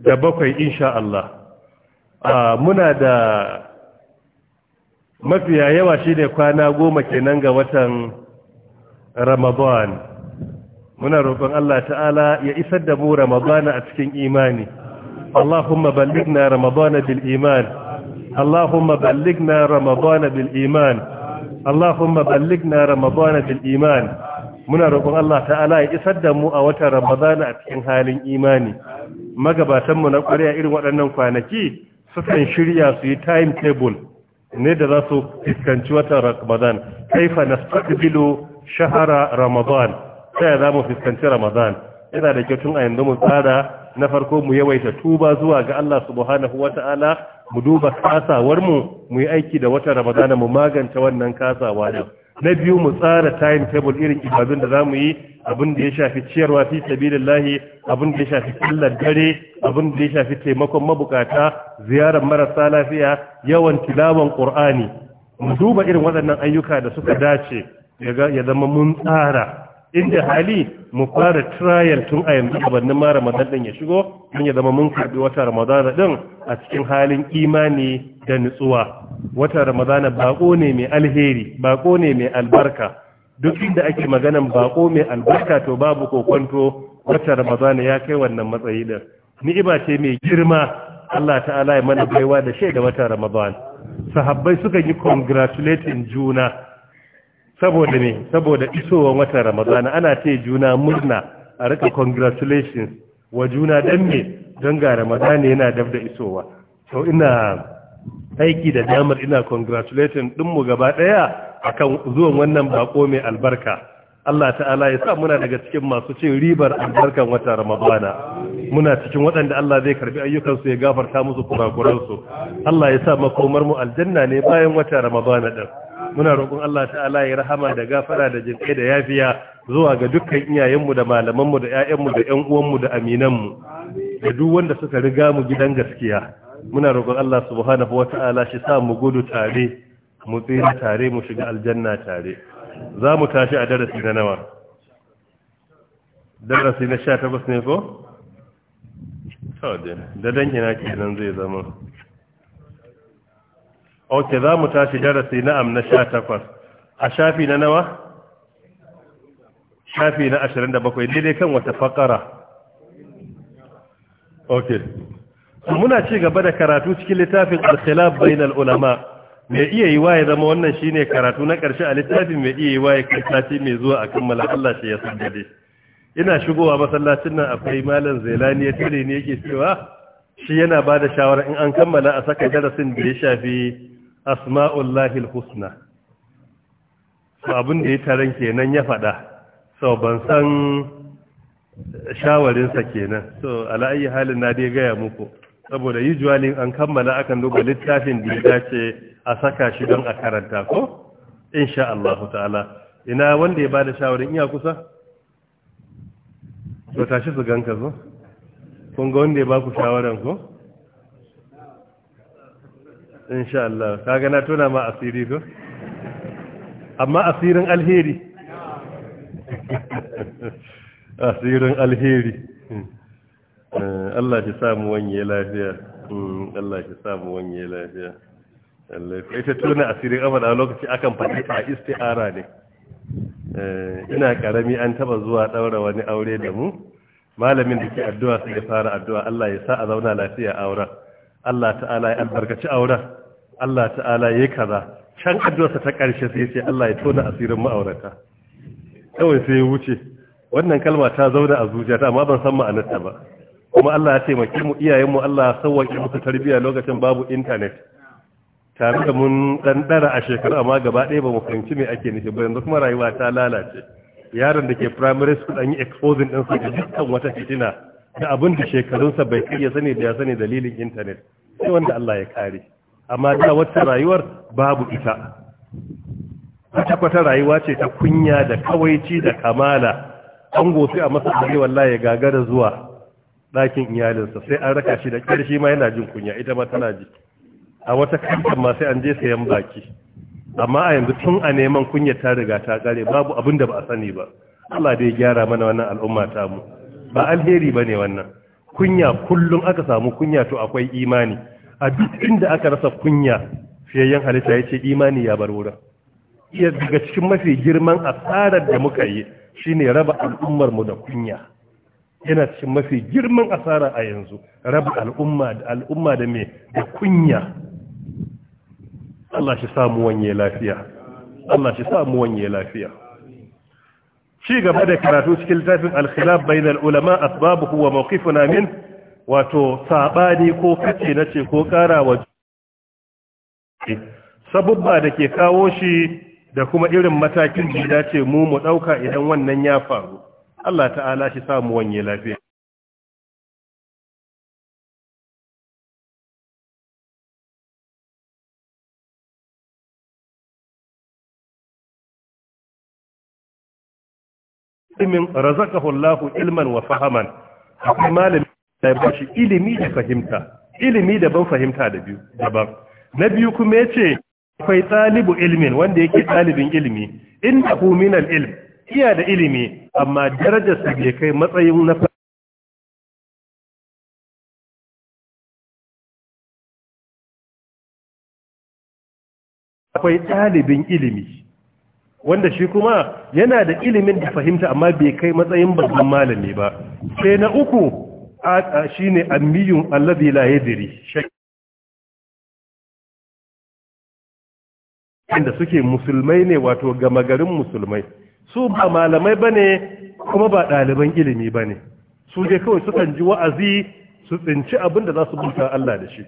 da bakwai insha Allah muna da mafiya yawa shi ne kwana goma kenan ga watan ramadan muna roƙon Allah ta'ala ya isar da mu ramadan a cikin imani Allahumma ballighna ramadan bil iman Allahumma ballighna ramadan bil iman Allahumma ballighna ramadan bil iman muna roƙon Allah ta'ala ya isar da mu a watan Ramadana a cikin halin imani magabatan mu na ƙwarya irin waɗannan kwanaki sukan shirya su yi timetable ne da za su fuskanci watan Ramadan kaifa nastaqbilu shahara Ramadan sai za mu fuskanci Ramadan yana da kyautun a yanzu mu tsara na farko mu yawaita tuba zuwa ga Allah subhanahu wata'ala mu duba kasawar mu mu yi aiki da watan Ramadan mu magance wannan kasawa din na biyu mu tsara time table irin ibadun da zamu yi abin da ya shafi ciyarwa fi sabilillahi abin da ya shafi kullar dare abin da ya shafi taimakon mabukata ziyarar marasa lafiya yawan tilawan qur'ani mu duba irin waɗannan ayyuka da suka dace ya zama mun tsara inda hali mu fara trial tun a yanzu gabanin ma ramadan din ya shigo mun ya zama mun karbi wata ramadan din a cikin halin imani da nutsuwa wata ramadan bako ne mai alheri bako ne mai albarka duk inda ake maganan bako mai albarka to babu kokonto wata ramadan ya kai wannan matsayi din ni'ima ce mai girma Allah ta'ala ya mana baiwa da shaida wata ramadan sahabbai suka yi congratulating juna saboda ne saboda isowar watan ramadana ana ce juna murna a rika congratulations wa juna dan me don ga ramadana yana dab da isowa to ina aiki da damar ina congratulation dinmu gaba daya akan zuwan wannan bako mai albarka Allah ta'ala ya sa muna daga cikin masu cin ribar albarkan watan ramadana muna cikin waɗanda Allah zai karbi ayyukansu ya gafarta musu kurakuransu Allah ya sa makomar mu aljanna ne bayan watan ramadana din muna roƙon Allah ta'ala ya rahama da gafara da jinkai da yafiya zuwa ga dukkan iyayenmu da malamanmu da ƴaƴanmu da ƴan uwanmu da aminanmu da duk wanda suka riga mu gidan gaskiya muna roƙon Allah subhanahu wata'ala shi sa mu gudu tare mu tsira tare mu shiga aljanna tare za mu tashi a darasi na nawa darasi na sha takwas ne ko? da dan kenan zai zama ok za mu tashi darasi na'am na sha takwas a shafi na nawa shafi na ashirin da bakwai daidai kan wata fakara ok muna ci gaba da karatu cikin littafin alkhilaf bainal ulama mai iya yi waye zama wannan shi ne karatu na ƙarshe a littafin mai iya yi waye kan mai zuwa a kammala Allah shi ya san dade ina shigowa masallacin nan akwai malam zailani ya tare ne yake cewa shi yana ba da shawarar in an kammala a saka darasin da ya shafi lahil husna su abin da ya taron kenan ya faɗa sau ban san shawarinsa kenan so ala'ayi halin na dai gaya muku saboda usually an kammala akan duba littafin da ya dace a saka shi don a karanta ko insha Allah ta'ala ina wanda ya ba da shawarin iya kusa to tashi su ganka zo kun ga wanda ya ba ku shawaran ko insha Allah kaga na tona ma asiri ko amma asirin alheri asirin alheri hmm. eh, Allah ya samu wanye lafiya hmm, Allah ki samu wanye lafiya Allah ita tona asiri abada a lokaci akan faɗi a isti'ara ne eh, ina karami an taba zuwa daura wani aure da mu malamin da ke addu'a sai ya fara addu'a Allah ya sa a zauna lafiya auren. Allah ta'ala ya albarkaci auren Allah ta'ala ya kaza can addu'arsa ta ƙarshe sai ce Allah ya tona asirin ma'aurata kawai sai ya wuce wannan kalma ta zauna a zuciyata amma ban san ma'anarta ba kuma Allah ya taimake mu iyayenmu Allah ya sauwaƙe musu tarbiyya lokacin babu intanet tare da mun dan dara a shekaru amma gaba ɗaya ba mu fahimci me ake nufi ba yanzu kuma rayuwa ta lalace yaron da ke primary school an yi exposing din su ga dukkan wata fitina da abin da shekarunsa bai kai sani da ya sani dalilin intanet sai wanda Allah ya kare amma da wata rayuwar babu ita ta kwata rayuwa ce ta kunya da kawaici da kamala an sai a masa da wallahi ya gagara zuwa ɗakin iyalinsa sai an raka shi da ƙarshe ma yana jin kunya ita ma tana ji a wata kanta ma sai an je sayan baki amma a yanzu tun a neman kunya ta riga ta kare babu abin da ba a sani ba Allah dai gyara mana wannan al'umma ta mu ba alheri ba ne wannan kunya kullum aka samu kunya to akwai imani a duk inda aka rasa kunya fiyayyen halitta ya ce imani ya bar wurin iya daga cikin mafi girman asarar da muka yi shine raba al'ummar mu da kunya yana cikin mafi girman asara a yanzu raba al'umma da al'umma da me da kunya Allah shi samu wanye lafiya Allah shi samu wanye lafiya ci gaba da karatu cikin littafin alkhilaf bainal ulama asbabuhu wa mawqifuna min wato sabani ko kace nace ko wa sabubba da ke kawo shi da kuma irin matakin da ya dace mu mu dauka idan wannan ya faru Allah ta'ala shi samu wanye lafiya ilimin razaqahu ilman wa fahaman akwai malami da ba shi ilimi da fahimta ilimi fahimta da biyu daban na biyu kuma yace akwai talibu ilmin wanda yake talibin ilimi inda hu min al-ilm iya da ilimi amma darajarsa bai kai matsayin na akwai ɗalibin ilimi wanda shi kuma yana da ilimin da fahimta amma bai kai matsayin babban malami ba sai na uku shine ammiyun allazi la yadri inda suke musulmai ne wato gama garin musulmai su ba malamai bane kuma ba ɗaliban ilimi bane su je kawai sukan ji wa'azi su tsinci abin da za su buta Allah da shi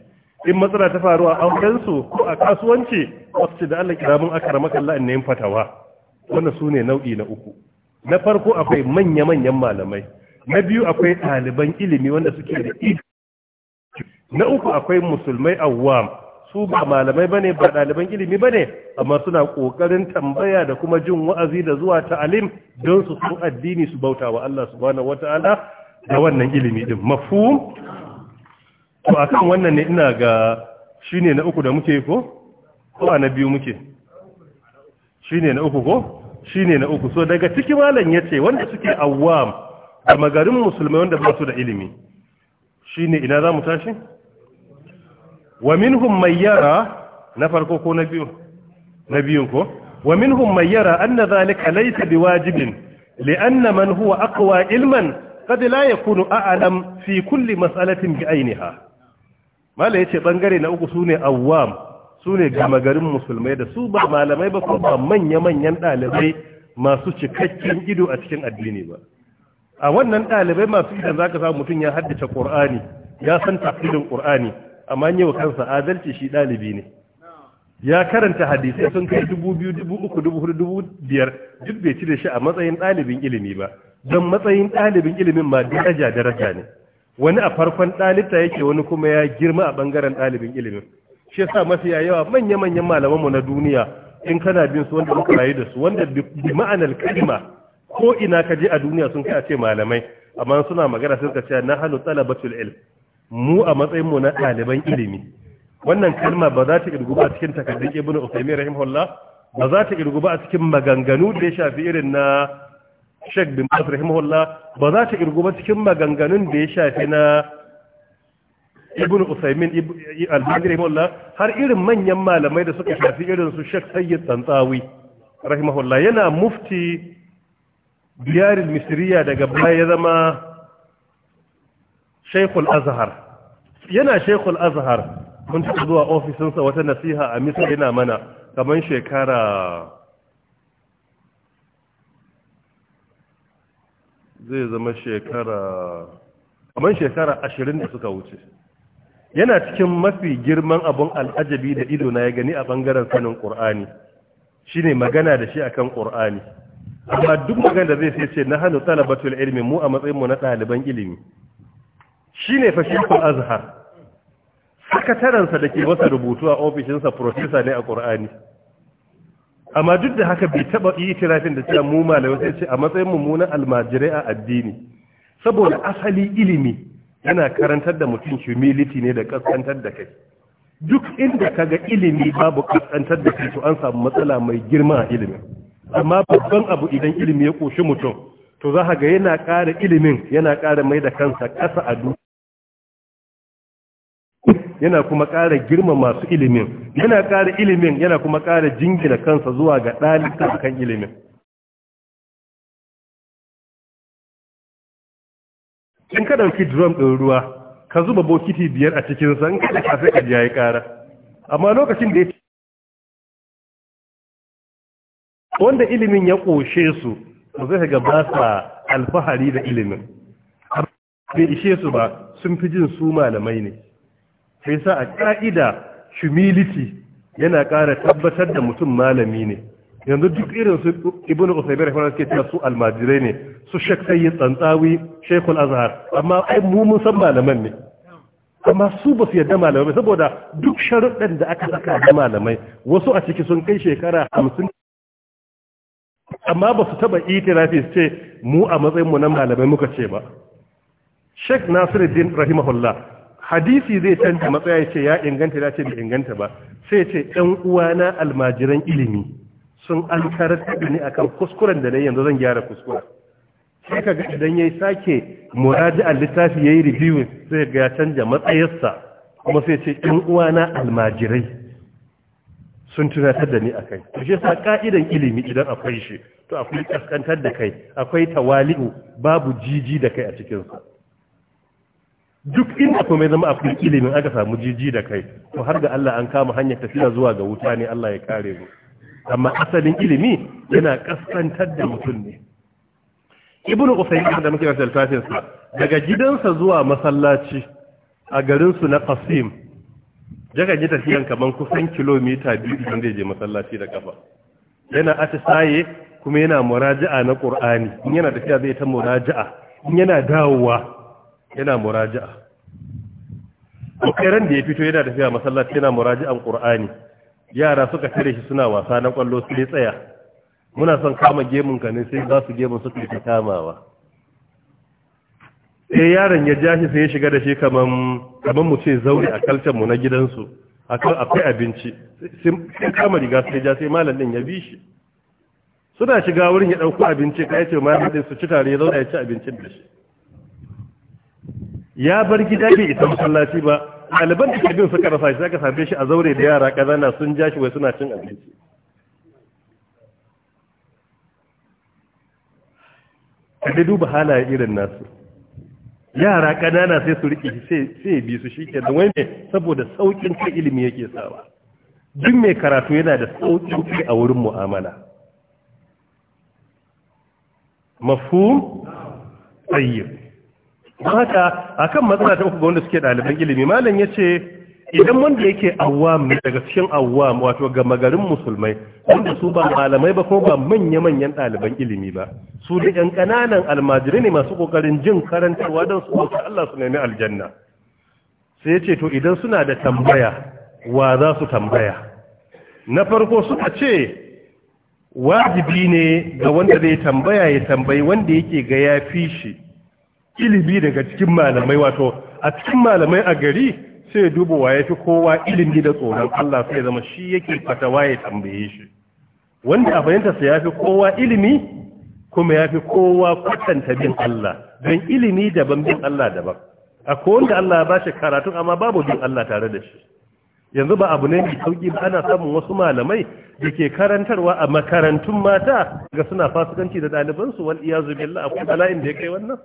in matsala ta faru a aurensu ko a kasuwanci wasu da Allah kiramun aka rama kalla in yin fatawa wannan su ne nau'i na uku na farko akwai manya-manyan malamai na biyu akwai ɗaliban ilimi wanda suke da ilimi na uku akwai musulmai awwam su ba malamai bane ba ɗaliban ilimi bane amma suna ƙoƙarin tambaya da kuma jin wa'azi da zuwa ta'alim don su san addini su bauta wa Allah subhanahu wataala da wannan ilimi din mafhum to a kan wannan ne ina ga shi ne na uku da muke ko ko na biyu muke Shi ne na uku ko shi ne na uku so daga ciki malam ce wanda suke awam da magarin musulmai wanda ba su da ilimi Shi ne, ina za mu tashi wa minhum may yara na farko ko na biyu na biyun ko wa minhum may yara na zalika laysa biwajibin li'anna man huwa aqwa ilman qad la yakunu a'lam fi kulli mas'alatin ainiha. mala ce ɓangare na uku su sune awwam sune gama garin musulmai da su ba malamai ba ko ba manya manyan ɗalibai masu cikakken ido a cikin addini ba a wannan ɗalibai masu idan ka samu mutum ya haddace ƙur'ani ya san tafsirin ƙur'ani amma wa kansa adalci shi ɗalibi ne ya karanta hadisai sun kai dubu biyu dubu uku dubu hudu dubu biyar duk bai da shi a matsayin ɗalibin ilimi ba don matsayin ɗalibin ilimin ma daraja daraja ne wani a farkon ɗalibta yake wani kuma ya girma a bangaren ɗalibin ilimin shi yasa mafi yawa manya-manyan mu na duniya in kana bin su wanda muka rayu da su wanda bi ma'anar kalima ko ina ka je a duniya sun kai a ce malamai amma suna magana sun kace na halu talabatul ilm mu a matsayin mu na ɗaliban ilimi wannan kalma ba za ta irgu cikin takardun ibnu usaimin rahimahullah ba za ta irgu a cikin maganganu da ya shafi irin na shek bin Bas rahimahullah ba za ta irgu ba cikin maganganun da ya shafi na ibn usaimin al-bagri har irin manyan malamai da suka shafi irin su shek Sayyid tsantsawi. rahimahullah yana mufti biyarin misriya daga baya ya zama shekul Azhar yana Sheikhul Azhar mun taɓa zuwa ofisinsa wata nasiha a misali yana mana kamar shekara zai zama shekara kamar shekara ashirin da suka wuce yana cikin mafi girman abun al'ajabi da ido na ya gani a bangaren sanin ƙur'ani shine magana da shi akan ƙur'ani amma duk magana da zai sai ce na hannu talabatul ilmi mu a matsayin mu na ɗaliban ilimi shine fa shekul azhar sakataransa da ke masa rubutu a ofishinsa profesa ne a ƙur'ani amma duk da haka bai taba tirafin da cewa mu malamai sai ce a matsayin mummunan almajirai a addini saboda asali ilimi yana karantar da mutum humility ne da kaskantar da kai duk inda kaga ilimi babu kaskantar da kai to an samu matsala mai girma a ilimin amma babban abu idan ilimi ya koshi mutum to za ga yana ƙara ilimin yana ƙara mai da kansa ƙasa a duniya yana kuma ƙara girma masu ilimin yana ƙara ilimin yana kuma ƙara jingina kansa zuwa ga ɗalibta kan ilimin in ka ɗauki drum ɗin ruwa ka zuba bokiti biyar a cikinsa in ka da kafin ka ji ya ƙara amma lokacin da ya wanda ilimin ya ƙoshe su zai ga ba sa alfahari da ilimin bai ishe su ba sun fi jin su malamai ne sai sa a ka'ida humility yana ƙara tabbatar da mutum malami ne yanzu duk irin su ibn usaybir rahimahullah suke cewa su almajirai ne su shek sayyid tsantsawi shekul azhar amma ai mu mun san malaman ne amma su ba su yadda malamai saboda duk sharuɗan da aka saka da malamai wasu a ciki sun kai shekara hamsin amma ba su taɓa itirafi su ce mu a matsayinmu na malamai muka ce ba sheikh nasiruddin rahimahullah hadisi zai canta matsaya ya ce ya inganta da ce bai inganta ba sai ce ɗan uwana almajiran ilimi sun an karar ne akan kuskuren da na yanzu zan gyara kuskura. sai ka ga idan ya sake a littafi ya yi review sai ga ya canja matsayarsa kuma sai ce ɗan uwana almajirai sun tunatar da ni a kai to shi sa ka'idan ilimi idan akwai shi to akwai kaskantar da kai akwai tawali'u babu jiji da kai a cikinsa duk inda kuma zama akwai ilimin aka samu jiji da kai to har da Allah an kama hanyar tafiya zuwa ga wuta ne Allah ya kare mu amma asalin ilimi yana kasantar da mutum ne ibn Usaymin da muke da tafsirin sa daga gidansa zuwa masallaci a garin su na Qasim daga ji tafiyan kaman kusan kilomita 2 idan zai je masallaci da kafa yana atisaye kuma yana muraja'a na Qur'ani in yana tafiya zai ta muraja'a in yana dawowa yana muraja'a ƙoƙarin da ya fito yana tafiya masallaci yana muraja'an ƙur'ani yara suka tare shi suna wasa na ƙwallo su ne tsaya muna son kama gemun ka ne sai za su gemun su ta kamawa sai yaron ya ja shi sai ya shiga da shi kaman mu ce zaure a kalcan mu na gidansu akan akwai abinci sai kama riga sai ja sai malam din ya bi shi suna shiga wurin ya ɗauko abinci ka ce malam din su ci tare ya zauna ya ci abincin da shi ya bar gida bai isa masallaci ba ɗaliban da kabin suka rasa shi zaka same shi a zaure da yara ƙazana sun ja shi wai suna cin abinci ka dai duba halaye irin nasu yara ƙanana sai su riƙe sai bi su shi kenan wai ne saboda sauƙin kai ilimi yake sawa duk mai karatu yana da sauƙin kai a wurin mu'amala mafhum tayyib don haka kan matsala ta uku ga wanda suke ɗaliban ilimi malam ya ce idan wanda yake awam ne daga cikin awam wato ga magarin musulmai wanda su ba malamai ba ko ba manya-manyan ɗaliban ilimi ba su da ƴan ƙananan almajirai ne masu ƙoƙarin jin karantarwa don su bauta Allah su nemi aljanna sai ce to idan suna da tambaya wa za su tambaya na farko suka ce wajibi ne ga wanda zai tambaya ya tambayi wanda yake ga ya fi shi ilimi daga cikin malamai wato a cikin malamai a gari sai duba wa yafi kowa ilimi da tsoron Allah sai zama shi yake fatawa ya tambaye shi wanda a bayanta ya yafi kowa ilimi kuma yafi kowa kwatanta bin Allah don ilimi daban bin Allah daban akwai wanda Allah ya bashi karatu amma babu bin Allah tare da shi yanzu ba abu ne mai sauki ba ana samun wasu malamai da ke karantarwa a makarantun mata ga suna fasikanci da ɗalibansu wal iyazu billah akwai bala'in da ya kai wannan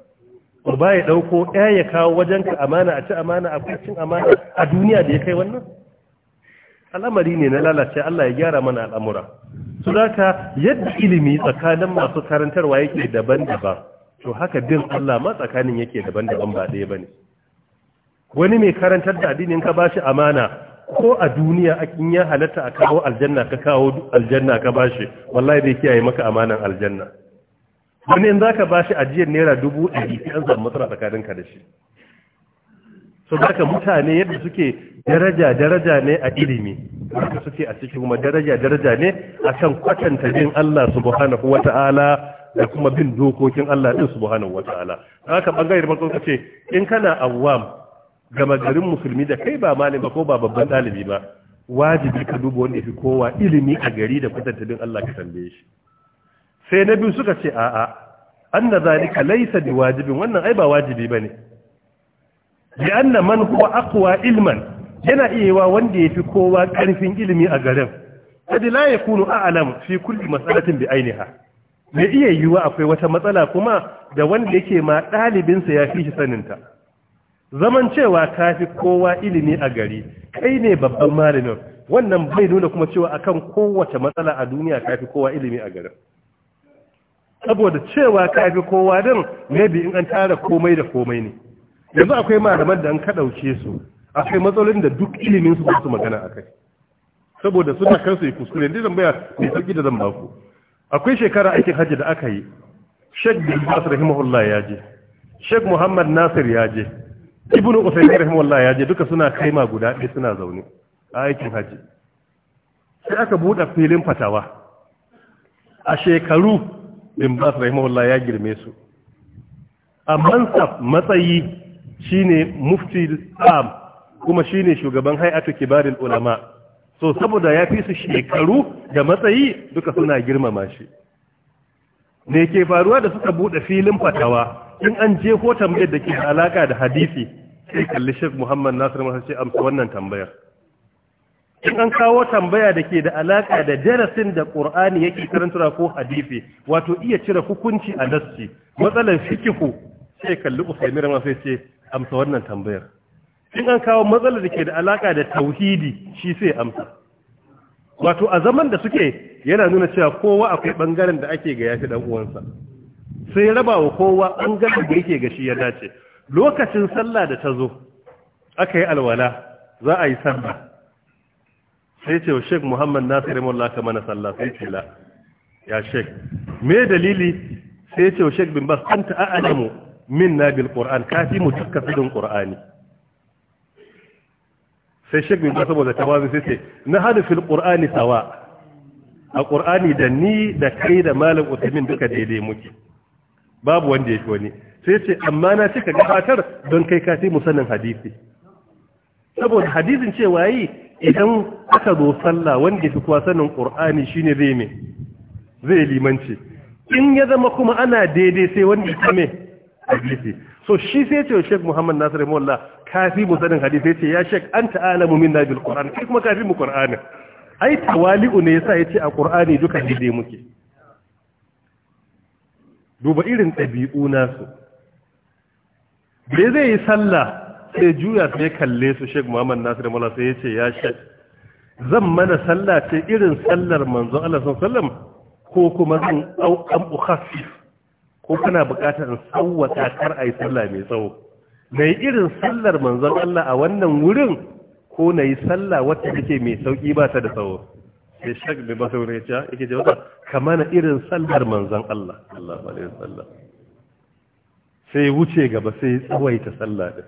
ba ya ɗauko ɗaya ya kawo wajenka amana a ci amana a cin amana a duniya da ya kai wannan al'amari ne na lalace Allah ya gyara mana al'amura su ka yadda ilimi tsakanin masu karantarwa yake daban-daban to haka din Allah ma tsakanin yake daban-daban ba ɗaya ba ne. wani mai karantar da addinin ka ba shi amana ko a duniya a ya halatta a kawo aljanna ka kawo aljanna ka ba shi? wallahi zai kiyaye maka amanan aljanna wani in za ka ba shi ajiyar naira dubu ɗari an zama matsala tsakaninka da shi so ka mutane yadda suke daraja daraja ne a ilimi haka suke a cikin kuma daraja daraja ne kan kwatanta bin Allah subhanahu wata'ala da kuma bin dokokin Allah din subhanahu wata'ala ɓangare da farko ce in kana awwam gama garin musulmi da kai ba malin ba ko ba babban ɗalibi ba wajibi ka duba wanda fi kowa ilimi a gari da kwatanta bin Allah ka tambaye shi sai na biyu suka ce a'a ka laisa laysa wajibi, wannan ai ba wajibi bane an na man huwa akuwa ilman yana iya wa wanda ya fi kowa karfin ilimi a garin kadi la a a'lam fi kulli matsalatin bi ainiha me iya yiwa akwai wata matsala kuma da wanda yake ma ɗalibinsa ya fi shi saninta zaman cewa fi kowa ilimi a gari kai ne babban malamin wannan bai nuna kuma cewa akan kowace matsala a duniya fi kowa ilimi a garin saboda cewa ka fi kowa din maybe in an tara komai da komai ne yanzu akwai malaman da an ka dauke su akwai matsalolin da duk ilimin su su magana akai saboda suna kansu yi kuskure ne tambaya mai sauki da zan ku. akwai shekara aikin hajji da aka yi Sheikh bin Bas rahimahullah ya je Sheikh Muhammad Nasir ya je Ibn Usaymin rahimahullah ya je duka suna kaima guda ɗaya suna zaune a aikin hajji sai aka buɗe filin fatawa a shekaru bin bas rahimahullah ya girme su a mansaf matsayi shine mufti am kuma shine shugaban hay'atu kibaril ulama so saboda ya fi su shekaru da matsayi duka suna girmama shi ne ke faruwa da suka bude filin fatawa in an je ko tambayar da ke alaka da hadisi sai kalli Sheikh Muhammad Nasir Muhammad sai amsa wannan tambayar in an kawo tambaya da ke da alaƙa da darasin da ƙur'ani yake karantura ko hadisi wato iya cire hukunci a nassi matsalar fikihu sai kalli sai ma sai ce amsa wannan tambayar in an kawo matsalar da ke da alaƙa da tauhidi shi sai amsa wato a zaman da suke yana nuna cewa kowa akwai ɓangaren da ake ga ya fi uwansa sai raba wa kowa bangaren da yake ga shi ya dace lokacin sallah da ta zo aka yi alwala za a yi sallah sai ce wa sheik muhammad nasir mullah ka mana sallah sai ce la ya sheik me dalili sai ce wa sheik bin bas anta a'lamu minna bil qur'an kafi mu tukka qur'ani sai sheik bin bas saboda tawazu sai ce na hadu fil qur'ani sawa a qur'ani da ni da kai da malam usaimin duka daidai muke babu wanda ya fi wani sai ce amma na cika gabatar don kai ka mu sanin hadisi saboda hadisin cewa yi idan aka zo sallah wanda fi kuwa sanin shi shine zai zai limanci in ya zama kuma ana daidai sai wanda ya me hadisi so shi sai ce shek Muhammad Nasir mawalla kafi mu sanin hadisi ce ya an anta mu min bil ƙur'ani. kai kuma kafi mu ƙur'ani. ai tawali'u ne yasa ce a qur'ani duka daidai muke duba irin ɗabi'u nasu zai yi sallah sai juya sai kalle su Sheikh Muhammad Nasir Mala sai ce ya Sheikh zan mana sallah ce irin sallar manzon Allah sallallahu alaihi wasallam ko kuma zan au an ko kana buƙatar in sawwata kar ayi sallah mai tsawo yi irin sallar manzon Allah a wannan wurin ko nayi sallah wacce take mai sauki ba ta da tsawo sai Sheikh bin Basir wurin ya yake jawabi kamar irin sallar manzon Allah sallallahu alaihi wasallam sai wuce gaba sai tsawaita sallah din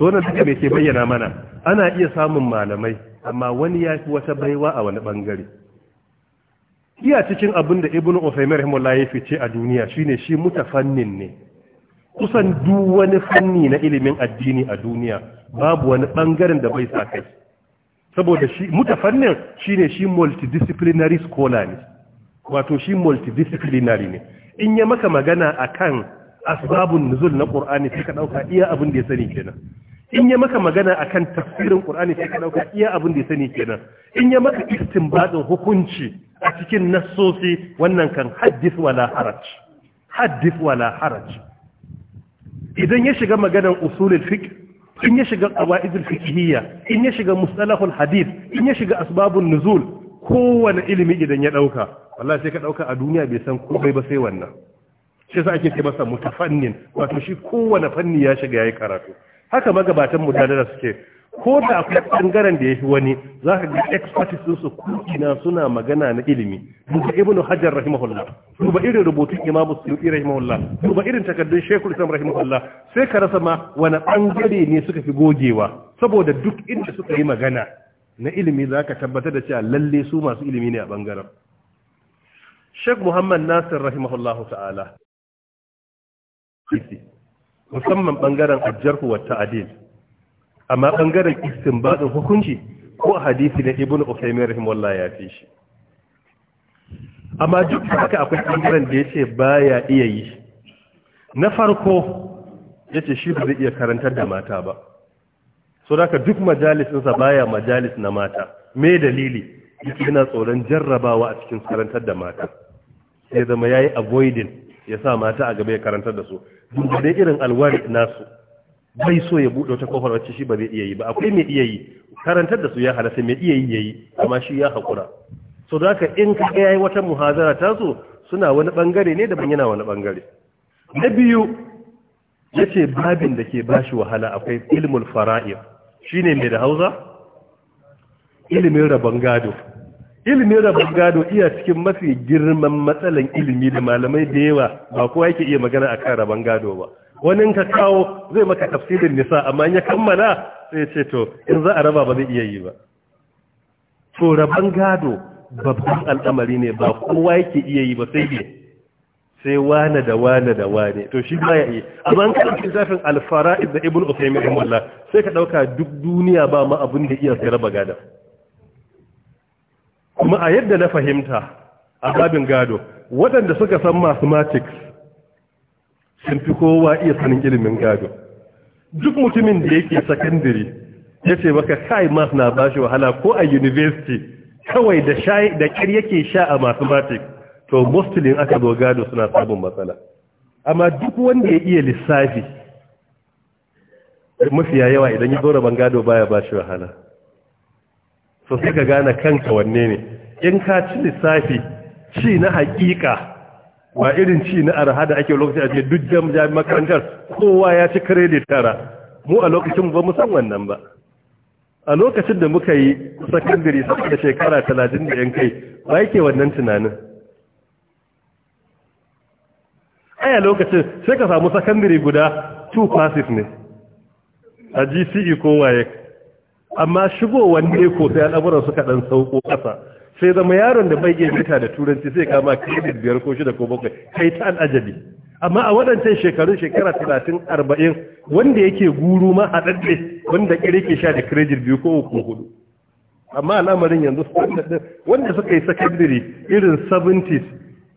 to wannan duka mai ke bayyana mana ana iya samun malamai amma wani ya fi wata baiwa a wani bangare iya cikin abin da ibn Uthaymeen rahimahullah ya fice a duniya shine shi mutafannin ne kusan duk wani fanni na ilimin addini a duniya babu wani bangaren da bai sa kai saboda shi mutafannin shine shi multidisciplinary scholar ne wato shi multidisciplinary ne in ya maka magana akan asbabun nuzul na Qur'ani sai ka dauka iya abin da ya sani kenan in ya maka magana a kan tafsirin Ƙur'ani sai ka ɗauka iya abin da ya sani kenan in ya maka istinbadin hukunci a cikin nassosi wannan kan haddis wala haraj Haddis wala haraj idan ya shiga maganar usulul fiqh in ya shiga qawaidul fiqhiyya in ya shiga mustalahul hadith in ya shiga asbabun nuzul kowane ilimi idan ya ɗauka. wallahi sai ka ɗauka a duniya bai san komai ba sai wannan shi yasa ake ce masa mutafannin wato shi kowane fanni ya shiga ya yi karatu haka magabatan mutadara suke ko da akwai ɓangaren da ya fi wani zaka ga expertise sun su suna magana na ilimi duba ibn hajar rahimahullah duba irin rubutun imam suyuti rahimahullah duba irin takaddun shaykhul islam rahimahullah sai ka rasa ma wani bangare ne suka fi gogewa saboda duk inda suka yi magana na ilimi zaka tabbatar da cewa lalle su masu ilimi ne a bangaren Sheikh Muhammad Nasir rahimahullahu ta'ala musamman bangaren ajarhu wa ta'dil amma bangaren istinbadin hukunci ko hadisi na ibnu usaymin rahimahullah ya fi shi amma duk haka akwai bangaren da yace baya iya yi na farko yace shi ba zai iya karantar da mata ba so da duk majalisinsa baya majalis na mata me dalili yana tsoron jarrabawa a cikin karantar da mata sai zama yayi avoiding ya sa mata a gaba ya karantar da su duba dai irin alwari nasu bai so ya buɗe wata kofar wacce shi ba zai iya yi ba akwai mai iya yi karantar da su ya halasa mai iya yi ya yi, amma shi ya haƙura so da haka in ka ga yayi wata muhazara ta so suna wani bangare ne daban yana wani bangare na biyu yace babin da ke bashi wahala akwai ilmul fara'ir shine mai da Hausa ilimin rabon gado ilimin rabon gado iya cikin mafi girman matsalan ilimi da malamai da yawa ba kowa yake iya magana a kan rabon gado ba wani ka kawo zai maka tafsirin nisa amma ya kammala sai ce to in za a raba ba zai iya yi ba to rabon gado babban al'amari ne ba kowa yake iya yi ba sai ne sai wane da wane da wane to shi ya iya amma an cikin zafin alfara'id da ibn usaymin rahimahullah sai ka ɗauka duk duniya ba ma abin da iya sai raba gado kuma a yadda na fahimta a babin gado waɗanda suka san mathematics sun fi kowa iya sanin ilimin gado duk mutumin da yake sakandare ya ce maka kai math na ba shi wahala ko a university kawai da shayi da kyar yake sha a mathematics to mostly aka zo gado suna samun matsala amma duk wanda ya iya lissafi mafiya yawa idan ya zo rabon gado baya ba shi wahala to sai ka gane kanka wanne ne in ka ci lissafi ci na hakika ba irin ci na arha da ake lokaci a ce duk jami'an makarantar kowa ya ci kredit tara mu a lokacin ba mu san wannan ba a lokacin da muka yi sakandare sai da shekara talatin da yan kai ba yake wannan tunanin aya lokacin sai ka samu sakandare guda two passes ne a gce ko waye amma shigowar ko sai al'amuran suka ɗan sauko ƙasa sai zama yaron da bai gina da turanci sai kama kredit biyar ko shida ko bakwai kai ta al'ajabi amma a waɗancan shekarun shekara talatin arba'in wanda yake guru ma a ɗanɗe wanda ƙirƙi sha da kiredit biyu ko uku hudu amma al'amarin yanzu wanda suka yi sakandare irin 70s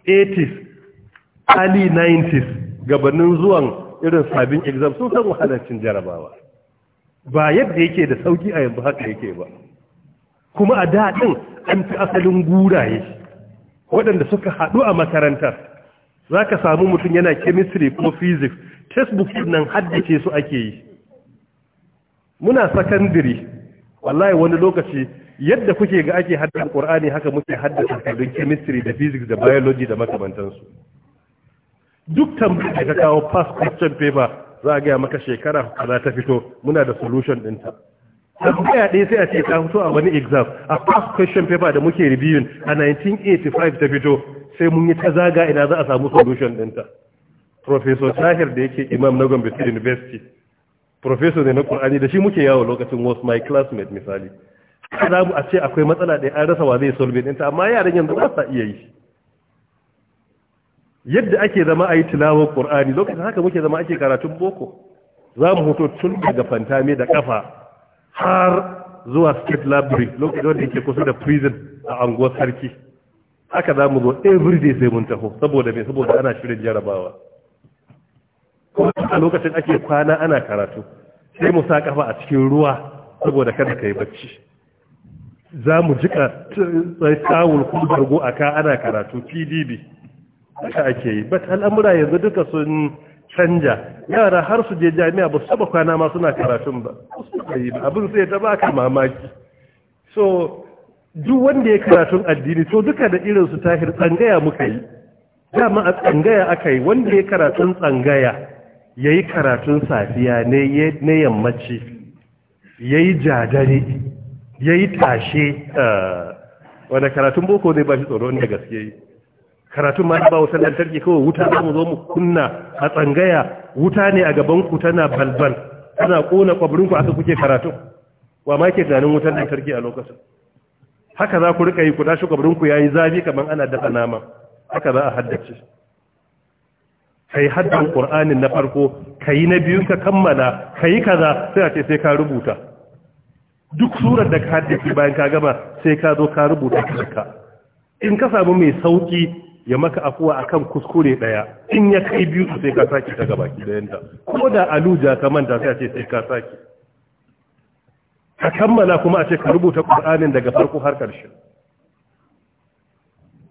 80s early 90s gabanin zuwan irin sabbin exam sun san wahalar jarabawa ba yadda yake da sauki a yanzu haka yake ba kuma a daɗin an fi asalin guraye waɗanda suka haɗu a makarantar za ka samu mutum yana chemistry ko physics textbook nan haddace su ake yi muna secondary wallahi wani lokaci yadda kuke ga ake haddace ƙorani haka muke haddace kallon chemistry da physics da biology da makamantansu duk tambayar da ka kawo past question paper za a gaya maka shekara kaza ta fito muna da solution dinta. tambaya ɗaya sai a ce ta fito a wani exam a past question paper da muke reviewing a 1985 ta fito sai mun yi ta zaga ina za a samu solution dinta. professor tahir da yake imam na gombe state university professor ne na qur'ani da shi muke yawo lokacin was my classmate misali za mu a ce akwai matsala ɗaya an rasa wa zai solve dinta amma yaran yanzu za su iya yi yadda ake zama a yi tilawar ƙur'ani lokacin haka muke zama ake karatun boko za mu hoto tun daga fantame da ƙafa har zuwa state library lokacin wanda yake kusa da prison a anguwar sarki haka za mu zo everyday sai mun taho saboda mai saboda ana shirin jarabawa a lokacin ake kwana ana karatu sai mu sa ƙafa a cikin ruwa saboda kada ka yi bacci za mu jika tsawul kuma bargo a ka ana karatu pdb haka ake yi bat al'amura yanzu duka sun canja yara har su je jami'a ba saba kwana ma suna karatun ba abin sai ta baka mamaki so duk wanda ya karatun addini to duka da irin su tahir tsangaya muka yi dama a tsangaya aka yi wanda ya karatun tsangaya ya yi karatun safiya na yammaci ya yi jadare ya yi tashe eh, wanda karatun boko ne ba shi tsoro da gaske yi karatun ma ba wutar lantarki kawai wuta za mu zo mu kunna a tsangaya wuta ne a gaban ku tana balbal tana kona kwabrin ku aka kuke karatu wa ma ke ganin wutar lantarki a lokacin haka za ku rika yi ku tashi kwabrin ku yayi zafi kaman ana dafa nama haka za a haddace kai haddan qur'anin na farko kai na biyu ka kammala kai kaza sai a ce sai ka rubuta duk surar da ka haddace bayan ka gama sai ka zo ka rubuta ka in ka samu mai sauki ya maka afuwa akan kuskure daya in ya kai biyu sai ka saki ta gaba ki da ta ko da aluja ka manta sai a ce sai ka saki ka kammala kuma a ce ka rubuta qur'anin daga farko har karshe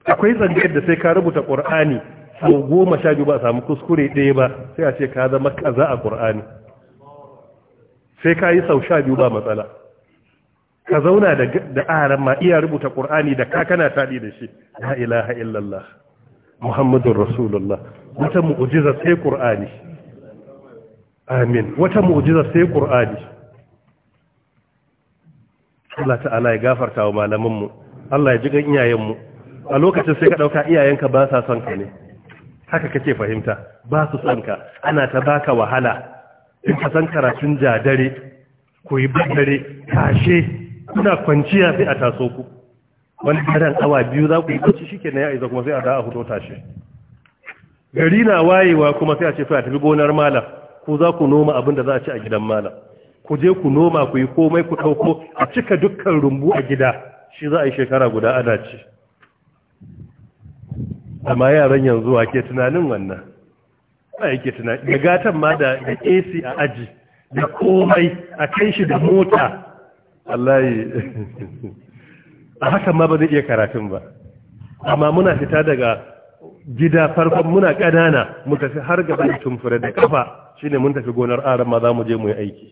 akwai tsangayar da sai ka rubuta qur'ani sau goma sha biyu ba a samu kuskure ɗaya ba sai a ce ka zama kaza a qur'ani sai ka yi sau sha biyu ba matsala ka zauna da aran ma iya rubuta qur'ani da ka kana taɗi da shi la ilaha illallah muhammadun rasulullah wata mu'ujiza sai ƙur'ani amin wata mu'ujiza sai ƙur'ani Allah ta'ala ya gafarta wa malamanmu Allah ya ji gan iyayenmu a lokacin sai ka ɗauka iyayenka ba sa son ka ne haka kake fahimta ba su son ka ana ta baka wahala in ka san karatun jadare ku yi dare kashe kuna kwanciya sai a taso ku wani daren awa biyu za ku yi kwanci shi kenan ya isa kuma sai a da a ta shi. gari na wayewa kuma sai a ce to a tafi gonar malam ko za ku noma abin da za a ci a gidan malam ku je ku noma ku yi komai ku ɗauko a cika dukkan rumbu a gida shi za a yi shekara guda ana Da amma yaran yanzu a ke tunanin wannan a yake tunanin da gatan ma da ac a aji da komai a kai shi da mota Allah a hakan ma ba zai iya karatun ba amma muna fita daga gida farkon muna ƙanana mu tafi har gaba da tumfure da kafa shine mun tafi gonar aran ma za mu je mu yi aiki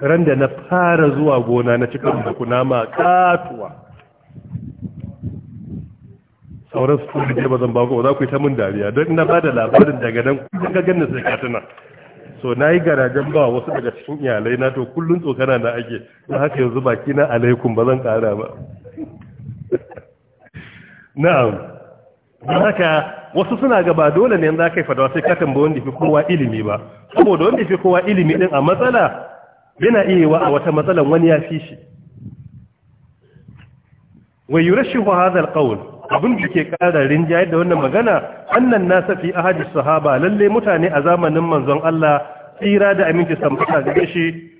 ran da na fara zuwa gona na cikin da nama katuwa sauran su da ba zan ba ku za ku yi ta mun dariya don na ba da labarin daga nan kun ga ganin sai katuna so na yi garajen ba wasu daga cikin iyalai na to kullum tsokana na ake na haka yanzu baki na alaikum ba zan kara ba na'am don haka wasu suna gaba dole ne za ka yi fadawa sai ka tambayi wanda fi kowa ilimi ba saboda wanda fi kowa ilimi din a matsala yana iya yi wa a wata matsalan wani ya fi shi wa yurashihu hadha abin da ke ƙara rinjayar da wannan magana annan nasa fi ahadi sahaba lalle mutane a zamanin manzon Allah tsira da aminci sambata ga shi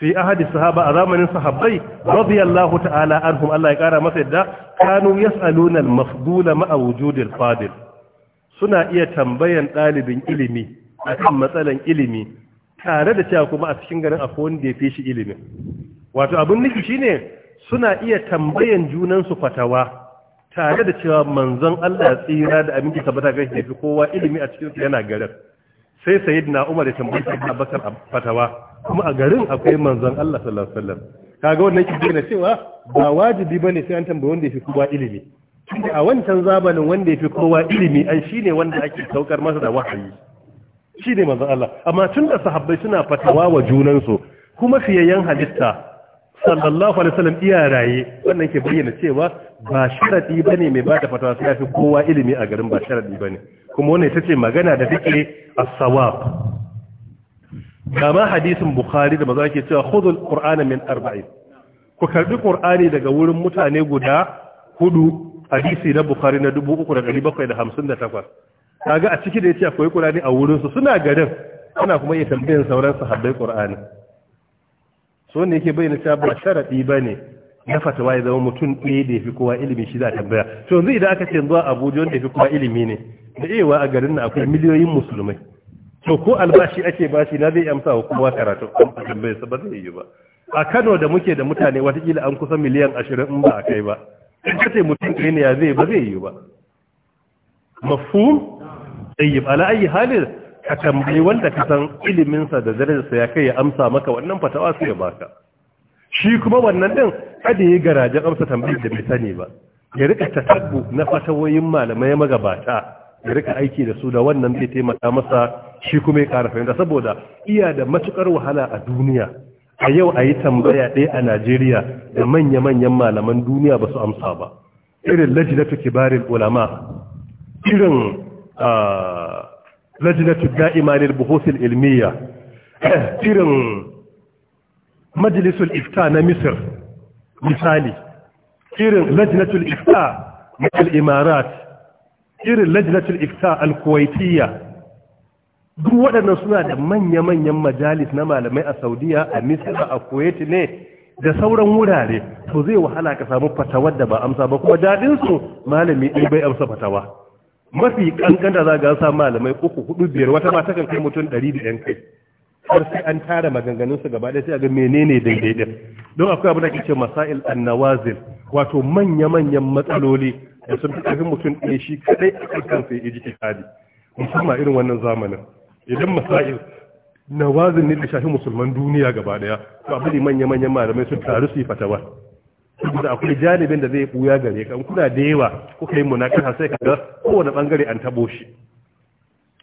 fi ahadi sahaba a zamanin sahabbai radiyallahu ta'ala anhum Allah ya ƙara masa yadda kanu yas'aluna al-mafdula ma'a wujudil fadil suna iya tambayan ɗalibin ilimi akan matsalan ilimi tare da cewa kuma a cikin garin akwai wanda ya fi shi ilimin wato abin nufi shine suna iya tambayan junansu fatawa tare da cewa manzon Allah tsira da aminci tabbata ga shi kowa ilimi a cikin yana garin sai sayyidina Umar ya tambayi sayyidina Bakar a fatawa kuma a garin akwai manzon Allah sallallahu alaihi wasallam kaga wannan yake bayyana cewa ba wajibi bane sai an tambayi wanda yake kowa ilimi a wancan zamanin wanda yafi kowa ilimi an shine wanda ake saukar masa da wahayi shine manzon Allah amma tun da sahabbai suna fatawa wa junan su kuma fiyayen halitta sallallahu alaihi wasallam iya raye wannan ke bayyana cewa ba sharadi bane mai bada fatawa sai fi kowa ilimi a garin ba sharadi bane kuma wannan ita ce magana da take as-sawab kama hadisin bukhari da maza ke cewa khudhul qur'ana min arba'in ku karbi qur'ani daga wurin mutane guda hudu hadisi na bukhari na 3758 kaga a ciki da yace akwai qur'ani a wurin su suna garin ana kuma iya tambayar sauran sahabbai qur'ani so ne yake bayyana cewa ba sharadi bane na fatawa ya zama mutum ɗaya da yafi kowa ilimi shi za a tambaya to yanzu idan aka ce zuwa Abuja wanda yafi kowa ilimi ne da ewa a garin nan akwai miliyoyin musulmai to ko albashi ake bashi na zai amsa wa kowa karatu an tambaye sa ba zai yi ba a Kano da muke da mutane watakila an kusa miliyan 20 in ba a kai ba in ka ce mutum ɗaya ne ya zai ba zai yi ba mafhum tayyib ala ayi halin ka tambayi wanda ka san iliminsa da darajarsa ya kai ya amsa maka wannan fatawa su ya baka shi kuma wannan din kada yi garajen amsa tambayi da bai sani ba ya rika tatabu na fatawoyin malamai magabata ya rika aiki da su da wannan zai taimaka masa shi kuma ya kara fahimta saboda iya da matukar wahala a duniya a yau a yi tambaya ɗaya a Najeriya da manya-manyan malaman duniya ba su amsa ba irin lajinatu kibarin ulama irin ah, lajinatu da'ima lil buhuthil ilmiya irin majalisul ifta na misir misali irin lajinatul ifta na al'imarat irin lajinatul ifta al kuwaitiya duk waɗannan suna da manya-manyan majalis na malamai a saudiya a misir a kuwaiti ne da sauran wurare to zai wahala ka samu fatawar da ba amsa ba kuma daɗinsu malami ɗin bai amsa fatawa mafi kankanta za ga sa malamai uku hudu biyar wata ma takan kai mutum ɗari da yan kai har sai an tara maganganun su gaba ɗaya sai a ga menene daidai din don akwai abin da ke ce masail annawazil wato manya manyan matsaloli da sun fi ƙarfin mutum ɗaya shi kadai a kan kansa ya ji ihadi musamman irin wannan zamanin idan masail nawazil ne da shafi musulman duniya gaba ɗaya to abin manya manyan malamai sun taru su yi fatawa saboda akwai janibin da zai buya gare ka kuna da yawa kuka yi munakasa sai ga kowane bangare an tabo shi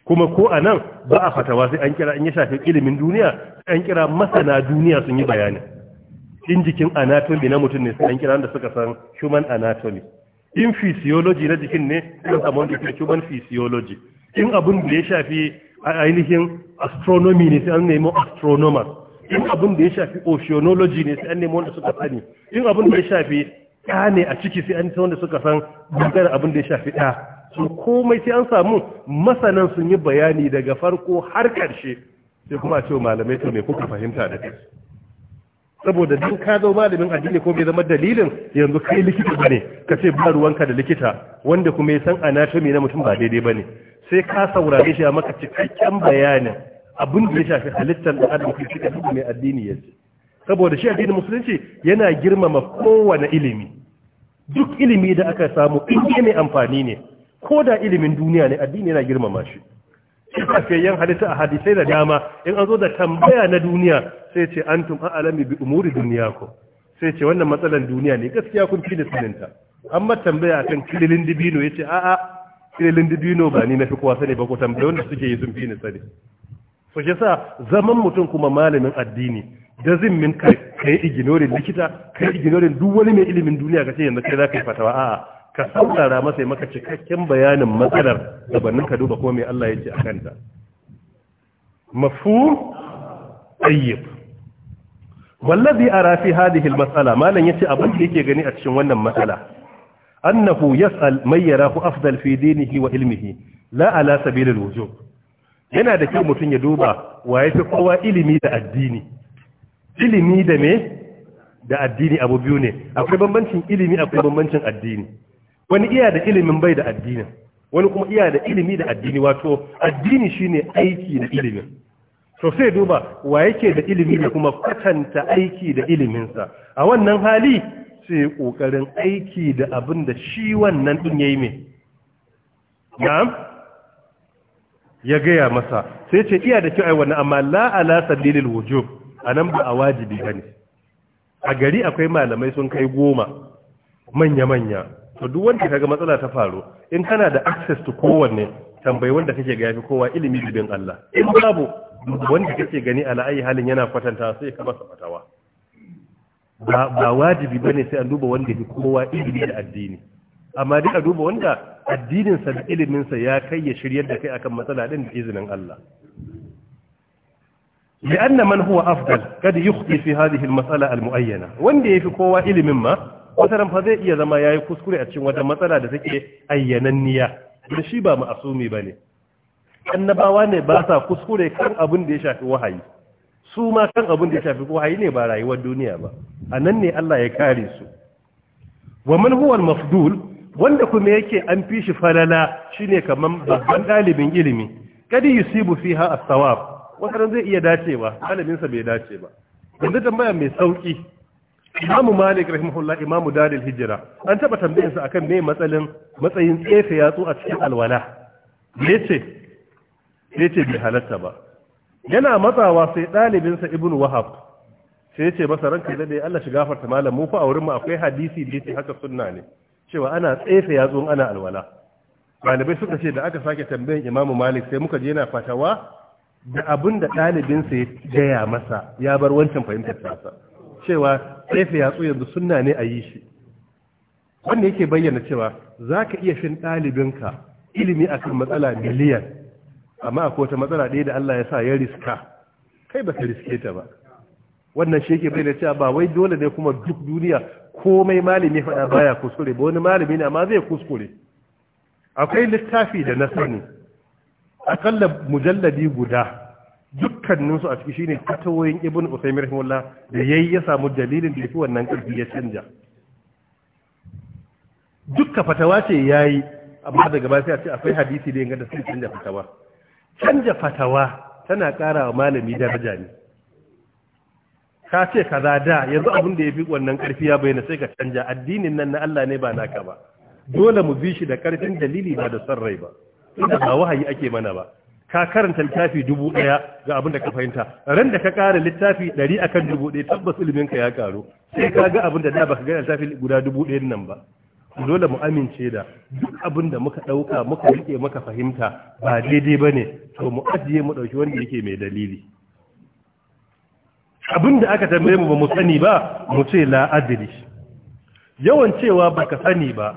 kuma ko a nan ba a fatawa sai an kira in ya shafi ilimin duniya an kira masana duniya sun yi bayani in jikin anatomy na mutum ne sai an kira da suka san human anatomy in physiology na jikin ne sun samu wanda ke human physiology in abun da ya shafi ainihin astronomy ne sai an nemo astronomers in abin da ya shafi oceanology ne sai an nemo wanda suka sani in abin da ya shafi ɗa ne a ciki sai an ta wanda suka san dangane abin da ya shafi ɗa su komai sai an samu masanan sun yi bayani daga farko har ƙarshe sai kuma a ce malamai to me kuka fahimta da kai saboda duk ka zo malamin addini ko bai zama dalilin yanzu kai likita ba ne. ka ce ba ruwanka da likita wanda kuma ya san anatomi na mutum ba daidai ba ne. sai ka saurare shi a maka cikakken bayanin abin da ya shafi halittar da adam ke cika duk mai addini ya ce saboda shi addinin musulunci yana girmama kowane ilimi duk ilimi da aka samu in mai amfani ne ko da ilimin duniya ne addini yana girmama shi yan halitta a hadisai da dama in an zo da tambaya na duniya sai ce an an a'lami bi umuri ko. sai ce wannan matsalar duniya ne gaskiya kun fi da An amma tambaya akan kililin dibino ce a'a kililin dibino ba ni na fi kowa sani ba ko tambayoyin da suke yi sun fi ni sani to shi sa zaman mutum kuma malamin addini da zin min kai ignorin likita kai ignorin duk wani mai ilimin duniya ka ce yanzu kai za ka yi fatawa a'a ka saurara masa maka cikakken bayanin matsalar da bannin ka duba ko mai Allah ya ce a kanta mafhum tayyib wallazi ara fi hadhihi al malan yace abin da yake gani a cikin wannan matsala yasal يسأل yarahu afdal fi dinihi wa Ilmihi, la ala سبيل wujub yana da kyau mutum ya duba wa ya kowa ilimi da addini ilimi da me da addini abu biyu ne akwai bambancin ilimi akwai bambancin addini wani iya da ilimin bai da addini, wani kuma iya da ilimi da addini wato addini shine aiki da ilimin to sai duba wa yake da ilimi da kuma kwatanta aiki da iliminsa a wannan hali sai kokarin aiki da abin da shi wannan din yayi me na'am ya gaya masa sai ce iya da kyau ai wannan amma la ala sabilil wujub anan ba a wajibi bane a gari akwai malamai sun kai goma manya manya to duk wanda kaga matsala ta faru in kana da access to kowanne tambayi wanda kake ga yafi kowa ilimi da bin Allah in babu wanda kake gani ala ayi halin yana kwatanta sai ka masa fatawa ba wajibi bane sai an duba wanda yafi kowa ilimi da addini amma duk a duba wanda addininsa da iliminsa ya kai ya shiryar da kai akan matsala din da izinin Allah لأن من هو أفضل قد fi في هذه المسألة المؤينة wanda fi kowa ilimin ma wata fa zai iya zama yayi kuskure a cikin wata matsala da take ayyananniya da shi ba ma'asumi bane annabawa ne ba sa kuskure kan abin da ya shafi wahayi su ma kan abin da ya shafi wahayi ne ba rayuwar duniya ba a nan ne Allah ya kare su wa man huwa al-mafdul wanda kuma yake an fi shi falala shine kamar babban ɗalibin ilimi kadi yusibu fiha as-sawab wannan zai iya dacewa dalibin bai dace ba yanzu tambaya mai sauki Imam Malik rahimahullah Imam Darul hijira. an taba tambayin sa akan me matsalin matsayin tsefe yatsu a cikin alwala yace yace bai halatta ba yana matsawa sai dalibin sa Ibn Wahab sai yace masa ranka da Allah shi gafarta malam mu fa a wurin mu akwai hadisi da yake haka sunna ne cewa ana tsefe yatsun ana alwala ɗalibai suka ce da aka sake tambayin imamu malik sai muka je yana fatawa da abin da ɗalibinsa ya gaya masa ya bar wancan fahimtar tasa cewa tsefe yatsu yanzu suna ne a yi shi wanda yake bayyana cewa za ka iya fin ɗalibinka ilimi a kan matsala miliyan amma akwai wata matsala ɗaya da Allah ya sa ya riska kai ba ka riske ta ba wannan shi yake bayyana cewa ba wai dole ne kuma duk duniya komai malami faɗa baya kuskure ba wani malami ne amma zai kuskure akwai littafi da na sani akalla mujalladi guda dukkaninsu a ciki shine fatawoyin ibn usaymir rahimullah da yayi ya samu dalilin da yafi wannan kalbi ya canja dukka fatawa ce yayi amma daga baya sai a ce akwai hadisi da yanga da sun canja fatawa canja fatawa tana ƙara wa malami daraja ne ka ce kaza da yanzu abin da ya fi wannan ƙarfi ya bayyana sai ka canja addinin nan na Allah ne ba naka ba dole mu bi shi da ƙarfin dalili ba da sarrai ba inda ba wahayi ake mana ba ka karanta littafi dubu ɗaya ga abin da ka fahimta ran da ka ƙara littafi ɗari akan dubu ɗaya tabbas ilimin ka ya ƙaru sai ka ga abin da da ka ga littafi guda dubu ɗayan nan ba dole mu amince da duk abin da muka ɗauka muka rike muka fahimta ba daidai ba ne to mu ajiye mu ɗauki wanda yake mai dalili abin da aka tambaye mu ba mu sani ba mu ce la adri yawan cewa baka sani ba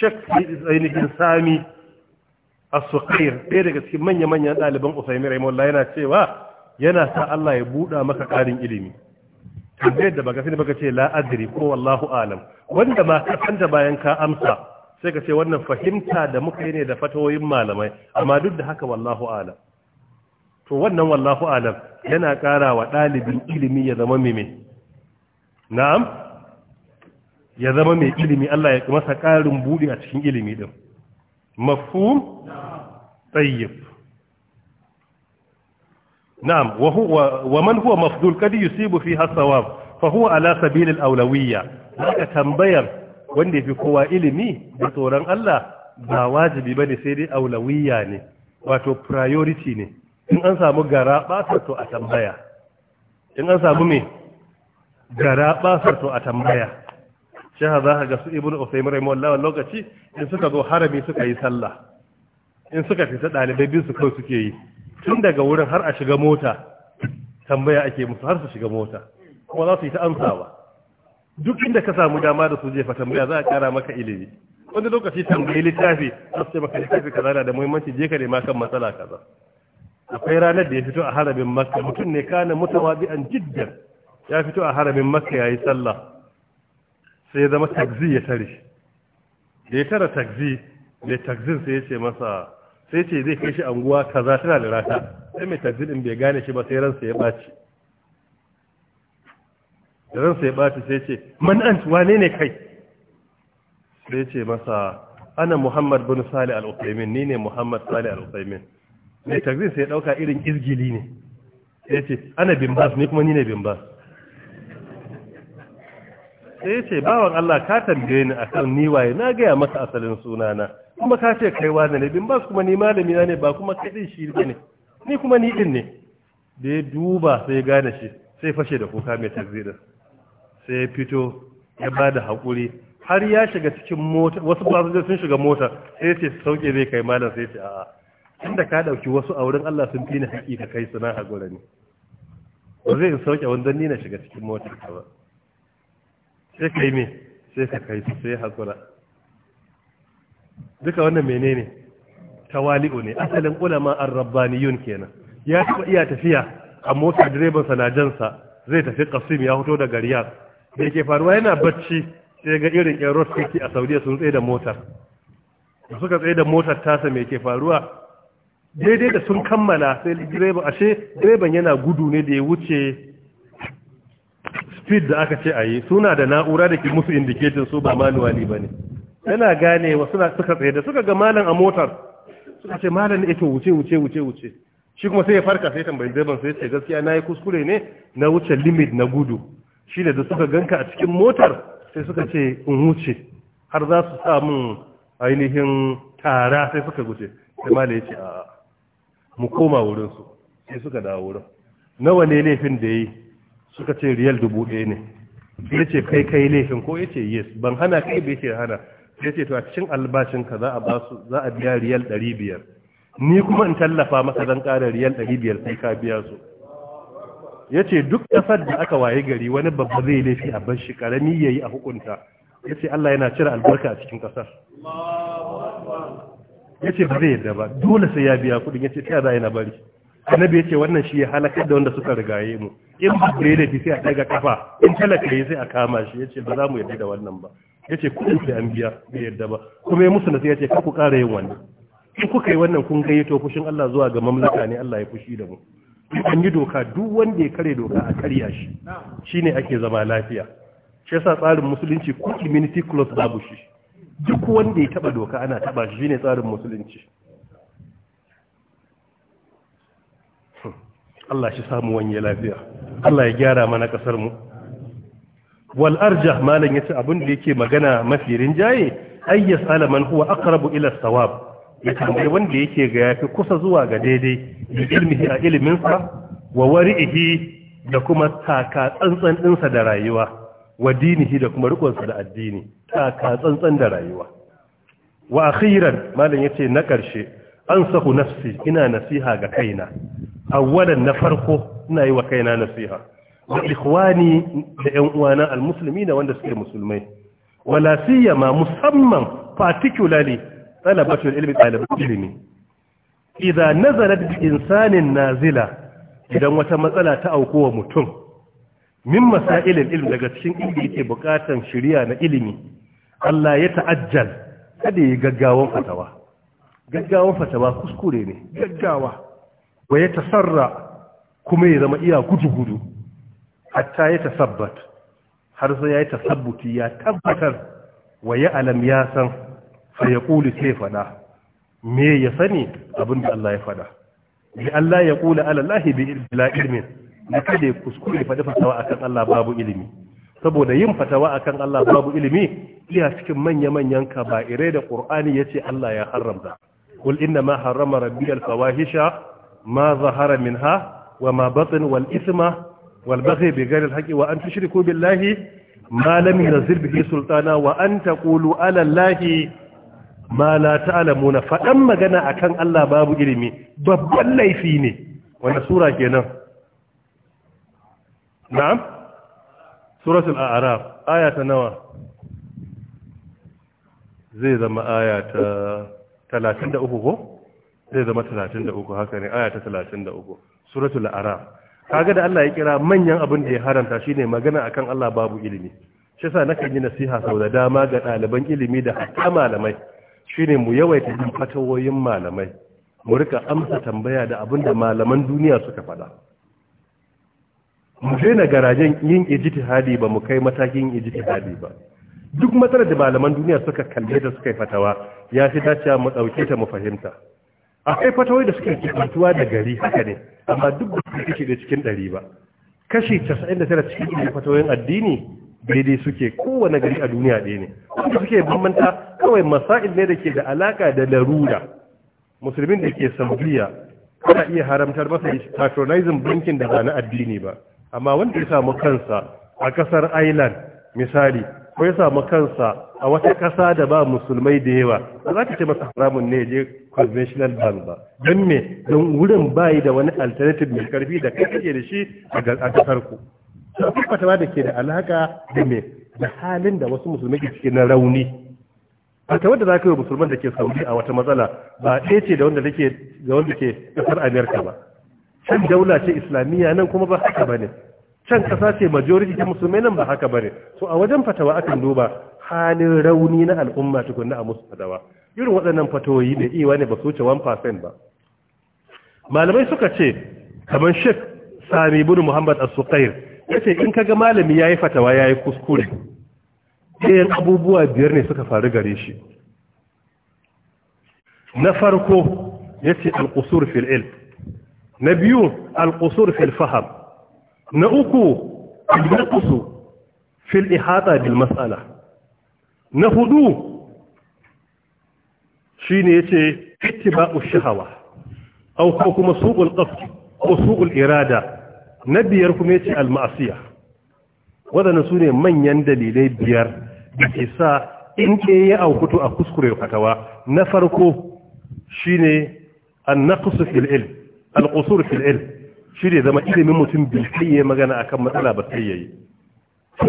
shek ainihin sami as-suqair ɗaya daga cikin manya-manyan ɗaliban usaimi rahimahullah yana cewa yana sa Allah ya buda maka karin ilimi tambayar da baka sani baka ce la adri ko wallahu alam wanda ba ka santa bayan ka amsa sai ka ce wannan fahimta da muka yi ne da fatawoyin malamai amma duk da haka wallahu alam to wannan wallahu alam yana ƙara wa ɗalibin ilimi ya zama mai na'am ya zama mai ilimi Allah ya masa ƙarin buɗe a cikin ilimi ɗin mafhum tayyib na'am wa huwa wa man huwa mafdul kad yusibu fiha sawab fa huwa ala sabil aulawiyya. awlawiyya haka tambayar wanda yafi kowa ilimi da tsoron Allah ba wajibi ba bane sai dai aulawiyya ne wato priority ne in an samu gara basar a tambaya in an samu me gara basar a tambaya shaha za ka ga su ibnu usaymin rahimahullah lokaci in suka zo harami suka yi sallah in suka fita ɗalibai bin su kai suke yi tun daga wurin har a shiga mota tambaya ake musu har su shiga mota kuma za su yi ta amsawa duk inda ka samu dama da su jefa tambaya za a kara maka ilimi wani lokaci tambayi littafi za su ce maka littafi kaza da muhimmanci je ka nema kan matsala kaza akwai ranar da ya fito a harabin makka mutum ne kana mutawabi'an jiddan ya fito a harabin makka yayi sallah sai ya zama taxi ya tare da ya tara taxi da taxin sai ya ce masa sai ce zai kai shi anguwa kaza tana da rata sai mai taxi din bai gane shi ba sai ransa ya baci ransa ya baci sai ce man an wane ne kai sai ce masa ana muhammad bin salih al uthaymin ni ne muhammad salih al uthaymin mai takzir sai dauka irin izgili ne Ya ce ana bin bas ne kuma ni ne bin bas sai ce bawan Allah ka tambaye ni akan ni waye na gaya maka asalin sunana kuma ka ce kai wa ne bin bas kuma ni malami ne ba kuma kai din shi ne ni kuma ni din ne da ya duba sai gane shi sai fashe da kuka mai takzirin sai ya fito ya ba da haƙuri har ya shiga cikin mota wasu fasinjoji sun shiga mota sai ya ce sauke zai kai malam sai ce a'a inda ka dauki wasu a wurin Allah sun fi ni haƙi ka kai su na haƙura ne ba zai in sauke wanda nina na shiga cikin motar ka ba sai kai me sai ka kai su sai haƙura duka wannan menene tawali'u ne asalin ulama ar-rabbaniyun kenan ya taɓa iya tafiya a mota direban sa zai tafi kasim ya fito daga riyad da yake faruwa yana bacci sai ga irin yan road a saudiya sun tsaye da motar da suka tsaye da motar tasa mai ke faruwa daidai da sun kammala sai direban ashe direban yana gudu ne da ya wuce speed da aka ce a yi suna da na'ura da ke musu indiketin su ba manuwali ba ne yana gane wa suna suka tsaye da suka ga malam a motar suka ce malam ne eh wuce wuce wuce wuce shi kuma sai ya farka sai tambayi direban sai ce gaskiya na yi kuskure ne na wuce limit na gudu shi da suka ganka a cikin motar sai suka ce in wuce har za su sa min ainihin tara sai suka wuce sai malam ya ce a'a mu koma wurinsu sai suka dawo wurin nawa ne laifin da yi suka ce riyal dubu ɗaya ne ya ce kai kai laifin ko ya ce yes ban hana kai bai ce hana ya ce to a cikin albashinka za a su za a biya riyal ɗari biyar ni kuma in tallafa maka zan ƙara riyal ɗari biyar sai ka biya su ya ce duk ƙasar da aka waye gari wani babba zai laifi a bar shi ƙarami ya yi a hukunta ya ce Allah yana cire albarka a cikin ƙasar ya ce ba zai yadda ba dole sai ya biya kudin ya ce ta za a na bari annabi ya ce wannan shi ya halakar da wanda suka rigaye mu in ba ku da sai a ɗaga kafa in talaka ya sai a kama shi ya ce ba za mu yadda da wannan ba ya ce kudin sai an biya bai yadda ba kuma ya musu nasiya ce ka ku ƙara yin wannan in kuka yi wannan kun gayyato fushin Allah zuwa ga mamlaka ne Allah ya fushi da mu an yi doka duk wanda ya kare doka a karya shi shine ake zama lafiya shi yasa tsarin musulunci ko community clause babu shi duk wanda ya taba doka ana taba shi shine tsarin musulunci Allah shi samu wanye lafiya Allah ya gyara mana kasar mu wal arjah ya yace abin da yake magana mafi rinjaye ay yas'ala man huwa aqrabu ila sawab ya wanda yake ga yafi kusa zuwa ga daidai bi ilmihi a ilminsa wa wari'ihi da kuma taka tsantsan ɗinsa da rayuwa wa dinihi da kuma rikonsa da addini ta tsantsan da rayuwa wa akhiran malam yace na karshe ansahu nafsi ina nasiha ga kaina awwalan na farko ina yi wa kaina nasiha wa ikhwani da ƴan uwana almuslimina wanda suke musulmai wala siyama musamman particularly talabatul ilmi talabatul ilmi idza nazalat bi insanin nazila idan wata matsala ta auko wa mutum min masailil ilm daga cikin inda yake bukatan shiriya na ilimi Allah ya ta'ajjal kada yi gaggawan fatawa gaggawan fatawa kuskure ne gaggawa wa ya tasarra kuma ya zama iya gudu-gudu hatta ya tasabbat har sai ya tasabbuti ya tabbatar wa ya alam ya san fa ya kuli sai fada me ya sani abinda Allah ya fada bi Allah ya kula ala Allah bi ilmin na kada ya kuskure faɗi fatawa akan Allah babu ilimi saboda yin fatawa akan Allah babu ilimi iya cikin manya-manyan kaba'ire da ya ce Allah ya haramta qul inna ma harrama rabbi al-fawahisha ma zahara minha wa ma wal isma wal baghi bighayri al-haqqi wa an tushriku billahi ma lam yunzil bihi sultana wa an taqulu ala allahi ma la ta'lamuna fadan magana akan Allah babu ilimi babban laifi ne wannan sura kenan na'am suratul a'raf ayata nawa zai zama aya ta 33 ko zai zama 33 haka ne aya ta 33 suratul a'raf kaga da Allah ya kira manyan abin da ya haramta shine magana akan Allah babu ilimi shi yasa nakan yi nasiha sau da dama ga ɗaliban ilimi da hatta malamai shine mu yawaita yin fatawoyin malamai mu rika amsa tambaya da abin da malaman duniya suka faɗa mu daina garajen yin ijtihadi ba mu kai matakin ijtihadi ba duk matsalar da malaman duniya suka kalle da suka yi fatawa ya fi dacewa mu dauke ta mu fahimta akwai fatawai da suka fatuwa da gari haka ne amma duk da suka kike da cikin ɗari ba kashi 99 cikin fatawoyin addini daidai suke kowane gari a duniya ɗaya ne wanda suke bambanta kawai masail ne da ke da alaka da larura musulmin da ke saudiya ana iya haramtar masa patronizing bankin da ba na addini ba amma wanda ya samu kansa a kasar Ireland misali ko ya samu kansa a wata kasa da ba musulmai da yawa ba za ka ce masa haramun ne je conventional bank ba don me don wurin bayi da wani alternative mai karfi da kai kake da shi a kasar ku tabbatawa da ke da alaka da me da halin da wasu musulmai ke cikin rauni ta wadda za ka yi musulman da ke saudi a wata matsala ba ɗaya ce da da wanda ke kasar amerika ba can daula ce islamiyya nan kuma ba haka bane can kasa ce majority ta musulmai nan ba haka bane so a wajen fatawa akan duba halin rauni na al'umma tukunna a musu fatawa irin waɗannan fatawoyi da iya ne ba su wuce 1% ba malamai suka ce kamar Sheikh Sami ibn Muhammad As-Suqair yace in kaga malami yayi fatawa yayi kuskure sai abubuwa biyar ne suka faru gare shi na farko yace al-qusur fil ilm na biyu alƙusur fil na uku alƙusu fil ihata bil matsala na hudu shi ne ya ce ittiba'u shahawa au ko kuma suƙul ƙafi ko suƙul irada na biyar kuma ya ce almasiya waɗanda su ne manyan dalilai biyar da ke sa in ke ya aukutu a kuskure fatawa na farko shi ne an naƙusu fil ilm al-qusur fil ilm shi ne zama ilimin mutum bai kai yayi magana akan matsala ba sai yayi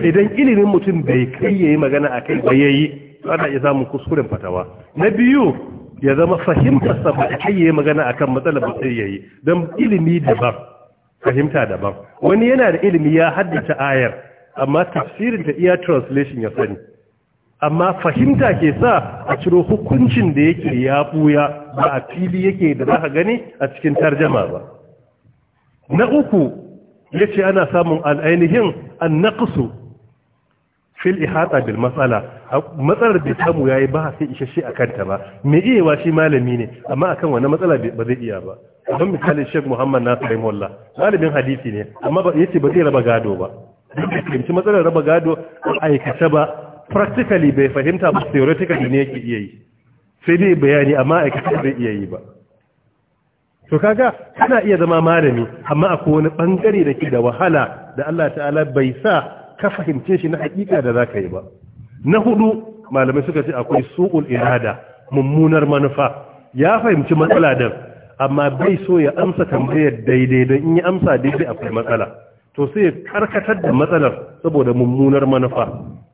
idan ilimin mutum bai kai yayi magana akan ba yayi to ana iya samun kuskuren fatawa na biyu ya zama fahimtar sa ba kai yayi magana akan matsala ba sai yayi dan ilimi daban fahimta daban wani yana da ilimi ya haddace ayar amma tafsirin ta iya translation ya sani amma fahimta ke sa a ciro hukuncin da yake ya buya ba a fili yake da za ka gani a cikin tarjama ba na uku ya ce ana samun al'ainihin an naƙusu fil ihata bil matsala matsalar bai samu yayi ba sai isasshe a kanta ba me iyawa shi malami ne amma kan wani matsala ba zai iya ba don misali Sheikh Muhammad Nasir Molla malamin hadisi ne amma ba yace ba zai raba gado ba bai fahimci matsalar raba gado aikace ba practically bai fahimta ba theoretically ne yake iya yi sai dai bayani amma ma'aikata bai iya yi ba to kaga kana iya zama malami amma akwai wani bangare da ke da wahala da Allah ta'ala bai sa ka fahimce shi na hakika da za ka yi ba na hudu malamai suka ce akwai su'ul irada mummunar manufa ya fahimci matsala din amma bai so ya amsa tambayar daidai don in yi amsa daidai akwai matsala to sai ya karkatar da matsalar saboda mummunar manufa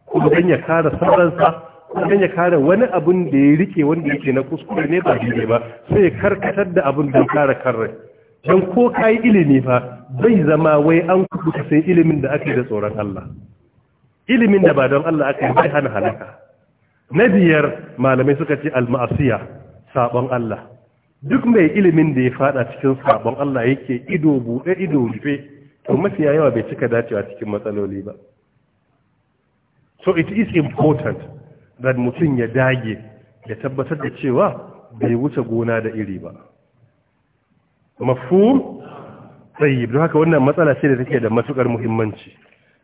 kuma dan ya kare sarransa wajen ya kare wani abun da ya rike wanda yake na kuskure ne ba daidai ba sai ya karkatar da abun don kare karrai don ko ka yi ilimi fa zai zama wai an kubuta sai ilimin da aka da tsoron Allah ilimin da ba don Allah aka yi bai hana halaka na biyar malamai suka ce almasiya sabon Allah duk mai ilimin da ya fada cikin sabon Allah yake ido buɗe ido rufe to mafiya yawa bai cika dacewa cikin matsaloli ba so it is important da mutum ya dage ya tabbatar da cewa bai wuce gona da iri ba mafhum tsayi don haka wannan matsala ce da take da matukar muhimmanci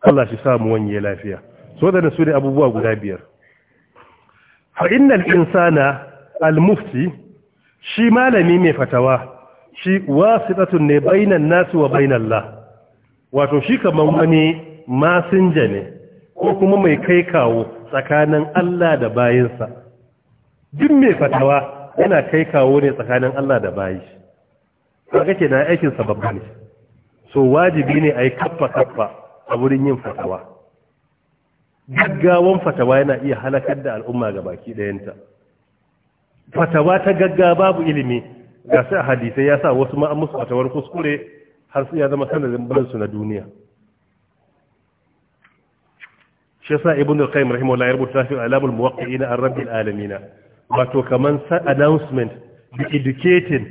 Allah shi samu wanye lafiya so da su ne abubuwa guda biyar fa innal insana al mufti shi malami mai fatawa shi wasitatun ne bainan nasu wa bainan la wato shi kamar wani masinja ne ko kuma mai kai kawo tsakanin Allah da bayinsa duk mai fatawa yana kai kawo ne tsakanin Allah da bayi kaga kake na aikin sababba ne so wajibi ne a yi kaffa kaffa a wurin yin fatawa gaggawan fatawa yana iya halakar da al'umma ga baki ɗayanta fatawa ta gagga babu ilimi ga sai a hadisai ya sa wasu ma'amusu fatawar kuskure har su ya zama sanadin bansu na duniya shi yasa ibn al-qayyim rahimahullah ya rubuta fi na muwaqqi'ina ar al alamin wato kaman announcement bi educating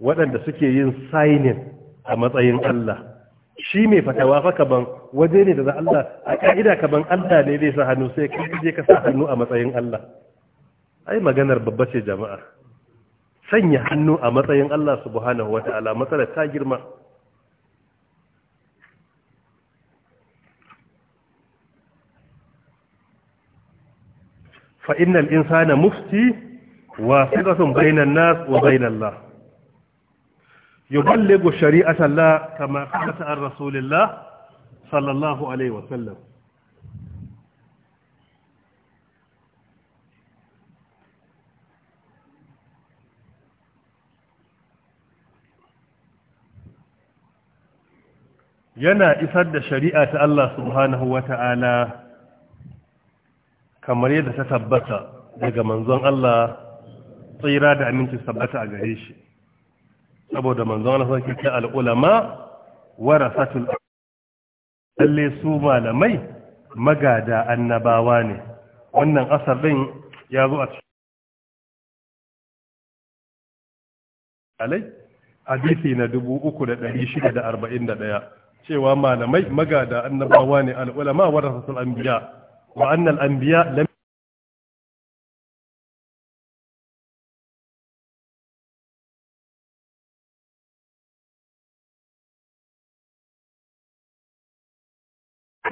waɗanda suke yin signing a matsayin Allah shi mai fatawa fa kaban waje ne da za Allah a ka'ida kaban Allah ne zai sa hannu sai kai je ka sa hannu a matsayin Allah ai maganar babba ce jama'a sanya hannu a matsayin Allah subhanahu wataala matsalar ta girma فإن الإنسان مفتي وثقة بين الناس وبين الله يبلغ شريعة الله كما قالت رسول الله صلى الله عليه وسلم ينا isar شريعة الله سبحانه وتعالى kamar yadda ta tabbata daga manzon Allah tsira da aminci tabbata a gare shi saboda manzon Allah sai ta al-ulama warasatul lalle su malamai magada annabawa ne wannan asar din ya zo a alai hadisi na 3641 cewa malamai magada annabawa ne al-ulama warasatul anbiya وأن الأنبياء لم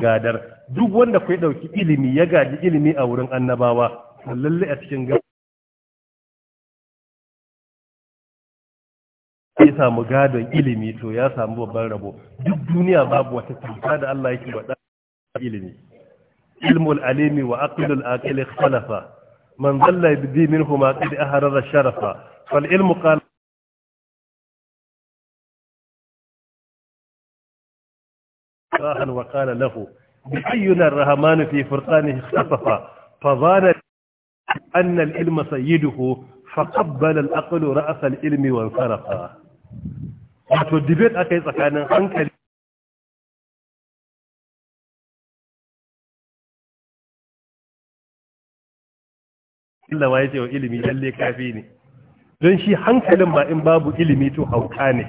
gadar duk wanda kai dauki ilimi ya gaji ilimi a wurin annabawa lalle a cikin ga ya samu gadon ilimi to ya samu babban rabo duk duniya babu wata cuta da Allah yake bada ilimi علم العليم وأقل الآكل اختلفا من ظل يبدي منهما قد أهرر الشرفا فالعلم قال وقال له بأينا الرحمن في فرقانه اختطف فظان أن العلم سيده فقبل الأقل رأس العلم وانصرفا wato أكيد aka yi Allah ma yace wa ilimi lalle kafi ne don shi hankalin ma in babu ilimi to hauka ne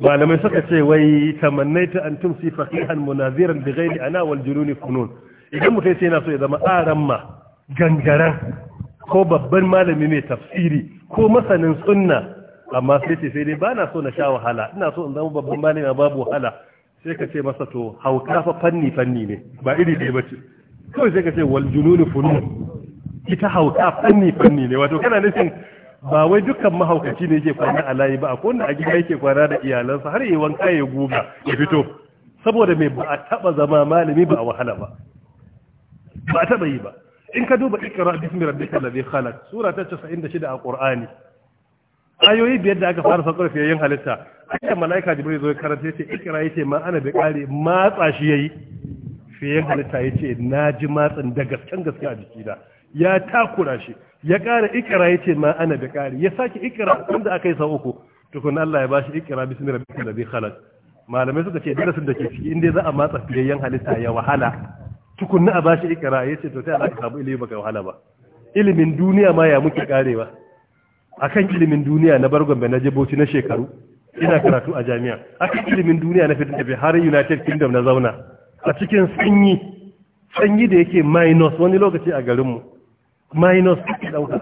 malamai suka ce wai tamannai tamannaita antum si faqihan munaziran bi ghairi ana wal junun funun idan mutai sai yana so ya zama aran ma gangaran ko babban malami mai tafsiri ko masanin sunna amma sai ce sai dai ba na so na sha wahala ina so in zama babban malami babu wahala sai ka ce masa to hauka fa fanni fanni ne ba iri ɗaya bace kawai sai ka ce wal jununu funun ita hauka fanni fanni ne wato kana nufin ba wai dukkan mahaukaci ne yake kwana a layi ba a kowane a gida yake kwana da iyalansa har yi wanka ya guga ya fito saboda mai ba a taba zama malami ba a wahala ba ba a taba yi ba in ka duba ikra bismi rabbikal ladhi khalaq sura ta 96 a qur'ani ayoyi biyar da aka fara saukar fiyayyen halitta akan mala'ika jibril zo karanta yace ikra yace ma ana bi kare matsa shi yayi fiyayyen halitta yace naji matsin da gaskan gaske a jikina ya takura shi ya kare ikra yace ma ana bi kare ya saki ikra wanda akai yi sau uku tukun Allah ya bashi ikra bismi rabbikal ladhi khalaq malamai suka ce darasin da ke ciki inda za a matsa fiyayyen halitta ya wahala tukunna a bashi ikra yace to sai Allah ka samu ilimi baka wahala ba ilimin duniya ma ya muke karewa akan ilimin duniya na bargon na je bauchi na shekaru ina karatu a jami'a akan ilimin duniya na fitin tafiya har united kingdom na zauna a cikin sanyi sanyi da yake minus wani lokaci a garinmu minus kake ɗauka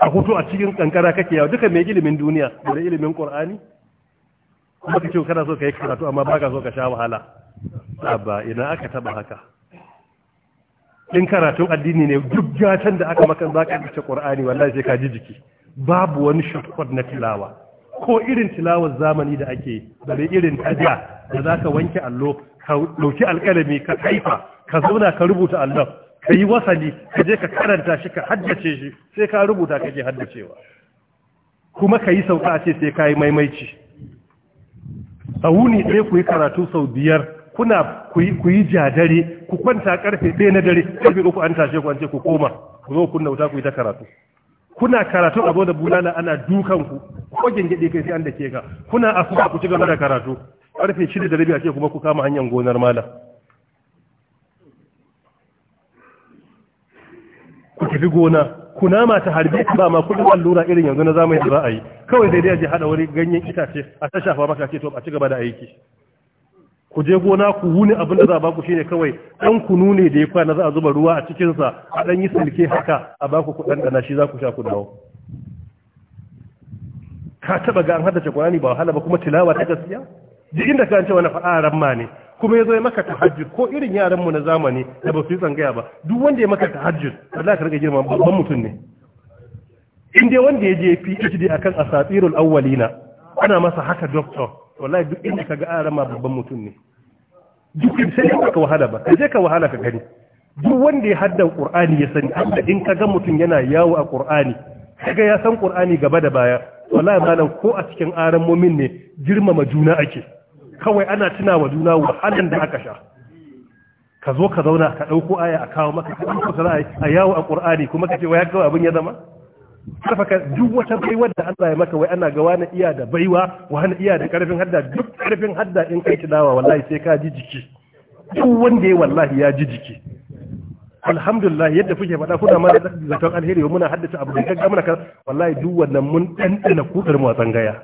a hutu a cikin kankara kake yawa duka mai ilimin duniya da ilimin qur'ani kuma kace kana so ka yi karatu amma ba ka so ka sha wahala abba ina aka taba haka in karatun addini ne duk gatan da aka maka ka dace qur'ani wallahi sai ka ji jiki babu wani shortcut na tilawa ko irin tilawar zamani da ake bare irin tajiya da za ka wanke allo ka ɗauki alƙalami ka haifa ka zauna ka rubuta allon ka yi wasali ka je ka karanta shi ka haddace shi sai ka rubuta ka je haddacewa kuma ka yi sauka a ce sai ka yi maimaici a wuni ɗaya ku yi karatu sau biyar kuna ku yi jadare ku kwanta karfe ɗaya na dare karfe uku an tashe ku an ce ku koma ku zo kunna wuta ku yi ta karatu kuna karatu a da bulala ana dukan ku ko gengede kai sai an dake ka kuna asuba ku ci gaba da karatu karfe 6 da rabi a ce kuma ku kama hanyar gonar malam ku tafi gona kuna ma ta harbe ba ma kudin allura irin yanzu na zamani da za a yi kawai dai dai a je hada wani ganyen itace a ta shafa maka ce to a ci gaba da aiki ku je gona ku wuni abin da za a baku shine kawai dan kunu ne da ya kwana za a zuba ruwa a cikin sa a dan yi sulke haka a baku ku dan dana shi za ku sha ku dawo ka taba ga an haddace Qur'ani ba wahala ba kuma tilawa ta gaskiya duk inda ka ce wani fa'a ramma ne kuma ya zo ya maka tahajjud ko irin yaran mu na zamani da ba su yi tsangaya ba duk wanda ya maka tahajjud Allah ka rage girma babban mutum ne in dai wanda ya je PhD akan asatirul awwalina ana masa haka doctor wallahi duk inda kaga an rama babban mutum ne duk sai ka wahala ba kaje ka wahala ka gani duk wanda ya haddan qur'ani ya sani amma in kaga mutum yana yawo a qur'ani kaga ya san qur'ani gaba da baya wallahi malam ko a cikin aran mumin ne girmama juna ake kawai ana tuna wa juna wahalan da aka sha ka zo ka zauna ka dauko aya a kawo maka ka dauko a yawo a qur'ani kuma ka wa wai ga abin ya zama karfaka duk wata baiwa da Allah ya maka wai ana ga wani iya da baiwa wani iya da karfin hadda duk karfin hadda in kai kidawa wallahi sai ka ji jiki duk wanda ya wallahi ya ji jiki alhamdulillah yadda kuke faɗa kuna ma da zaton alheri muna haddace abu da gaggawa muna wallahi duk wannan mun ɗanɗana kudar mu a tsangaya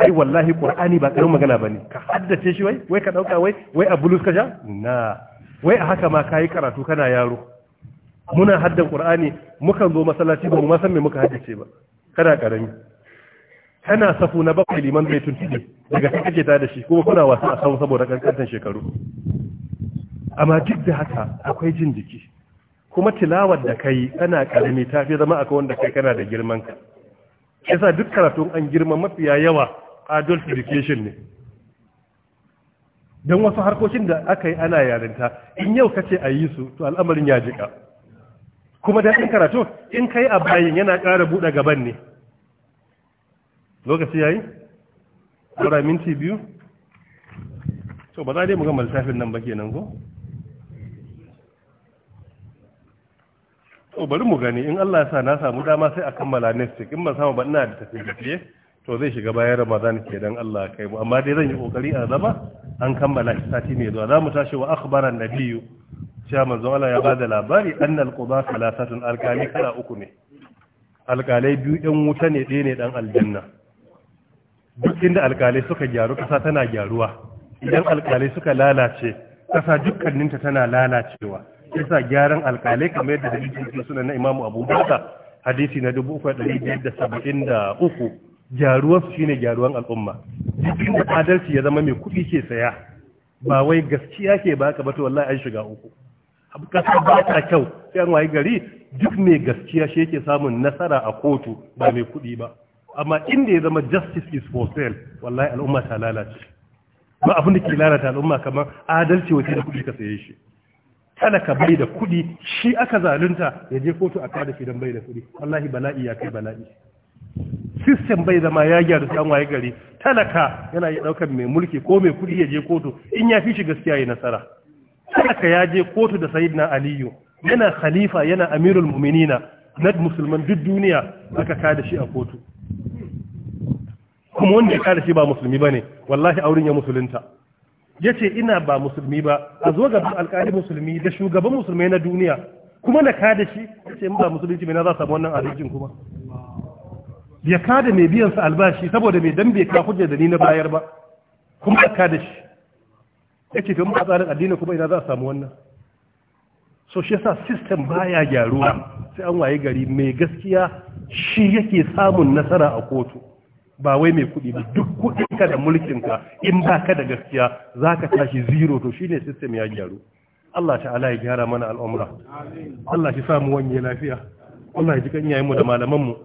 ai wallahi qur'ani ba karin magana bane ka haddace shi wai wai ka dauka wai wai a bulus ka sha na wai a haka ma kai karatu kana yaro muna haddan qur'ani mukan zo masallaci ba mu ma san me muka haddace ba kada karami kana safu na bakwai liman zai tuntube daga kai kake da shi kuma kuna wasa a samu saboda kankantan shekaru amma duk da haka akwai jin jiki kuma tilawar da kai kana karami ta fi zama akwai wanda kai kana da girman ka yasa duk karatun an girma mafiya yawa adult education ne don wasu harkokin da aka yi ana yarinta in yau kace a yi su to al'amarin ya jika kuma daɗin karatu in kai a bayin yana ƙara buɗe gaban ne lokaci yayi ɗora minti biyu so ba za a mu ga littafin nan ba kenan ko to bari mu gani in Allah ya sa na samu dama sai a kammala next week in ba samu ba ina da tafiye to zai shiga bayan Ramadan ke dan Allah kai mu amma dai zan yi kokari a zama an kammala shi sati ne zuwa za mu tashi wa akhbaran nabiyyu cewa manzo Allah ya bada labari annal quba salasatun alkali kala uku ne alkalai biyu ɗan wuta ne ɗaya ne dan aljanna duk inda alkalai suka gyaru kasa, tana gyaruwa idan alkalai suka lalace ƙasa dukkaninta tana lalacewa yasa gyaran alkalai kamar yadda hadisi suna na imamu abu bakar hadisi na dubu uku shine gyaruwan al'umma duk adalci ya zama mai kuɗi ke saya ba wai gaskiya ke baka ba to wallahi an shiga uku kasa ba ta kyau sai an waye gari duk mai gaskiya shi yake samun nasara a kotu ba mai kuɗi ba amma inda ya zama justice is for sale wallahi al'umma ta lalace ba abin da ke lalata al'umma kamar adalci wace da kuɗi ka saye shi talaka bai da kuɗi shi aka zalunta ya je kotu a kada shi don bai da kuɗi wallahi bala'i ya kai bala'i system bai zama ya gyaru san waye gari talaka yana iya daukar mai mulki ko mai kuɗi ya je kotu in ya fi shi gaskiya ya nasara talaka ya je kotu da na aliyu yana khalifa yana amirul mu'minina na musulman duk duniya aka kada shi a kotu kuma wanda ya kada shi ba musulmi bane wallahi auren ya musulunta yace ina ba musulmi ba a zo gaban alƙali musulmi da shugaban musulmai na duniya kuma na kada shi yace in ba musulunci me na za samu wannan arzikin kuma ya kada mai biyan sa albashi saboda mai dan bai ka hujja da ni na bayar ba kuma ka kada shi yake to muka a tsarin addini kuma ina za a samu wannan so shi yasa system baya gyaruwa sai an waye gari mai gaskiya shi yake samun nasara a kotu ba wai mai kuɗi ba duk kuɗinka da mulkin ka, in ba ka da gaskiya za zaka tashi zero to shine system ya gyaru Allah ta'ala ya gyara mana al'umra Allah shi samu wanye lafiya Allah ya ji kan iyayenmu da malamanmu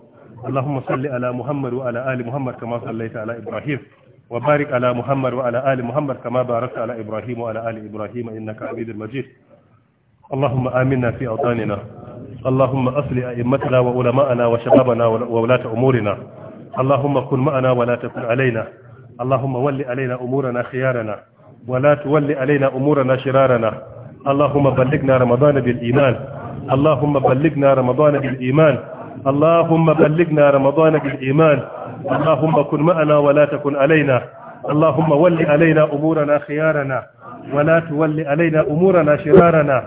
Allahumma salli ala Muhammad wa ala ali Muhammad kama sallaita ala Ibrahim وبارك على محمد وعلى آل محمد كما باركت على إبراهيم وعلى آل إبراهيم إنك حميد مجيد اللهم آمنا في أوطاننا اللهم أصل أئمتنا وعلماءنا وشبابنا وولاة أمورنا اللهم كن معنا ولا تكن علينا اللهم ول علينا أمورنا خيارنا ولا تول علينا أمورنا شرارنا اللهم بلغنا رمضان بالإيمان اللهم بلغنا رمضان بالإيمان اللهم بلغنا رمضان بالإيمان اللهم كن معنا ولا تكن علينا اللهم ول علينا أمورنا خيارنا ولا تول علينا أمورنا شرارنا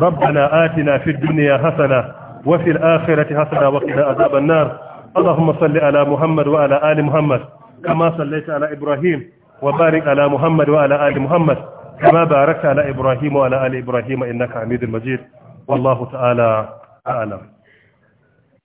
ربنا آتنا في الدنيا حسنة وفي الآخرة حسنة وقنا عذاب النار اللهم صل على محمد وعلى آل محمد كما صليت على إبراهيم وبارك على محمد وعلى آل محمد كما باركت على إبراهيم وعلى آل إبراهيم إنك حميد مجيد والله تعالى أعلم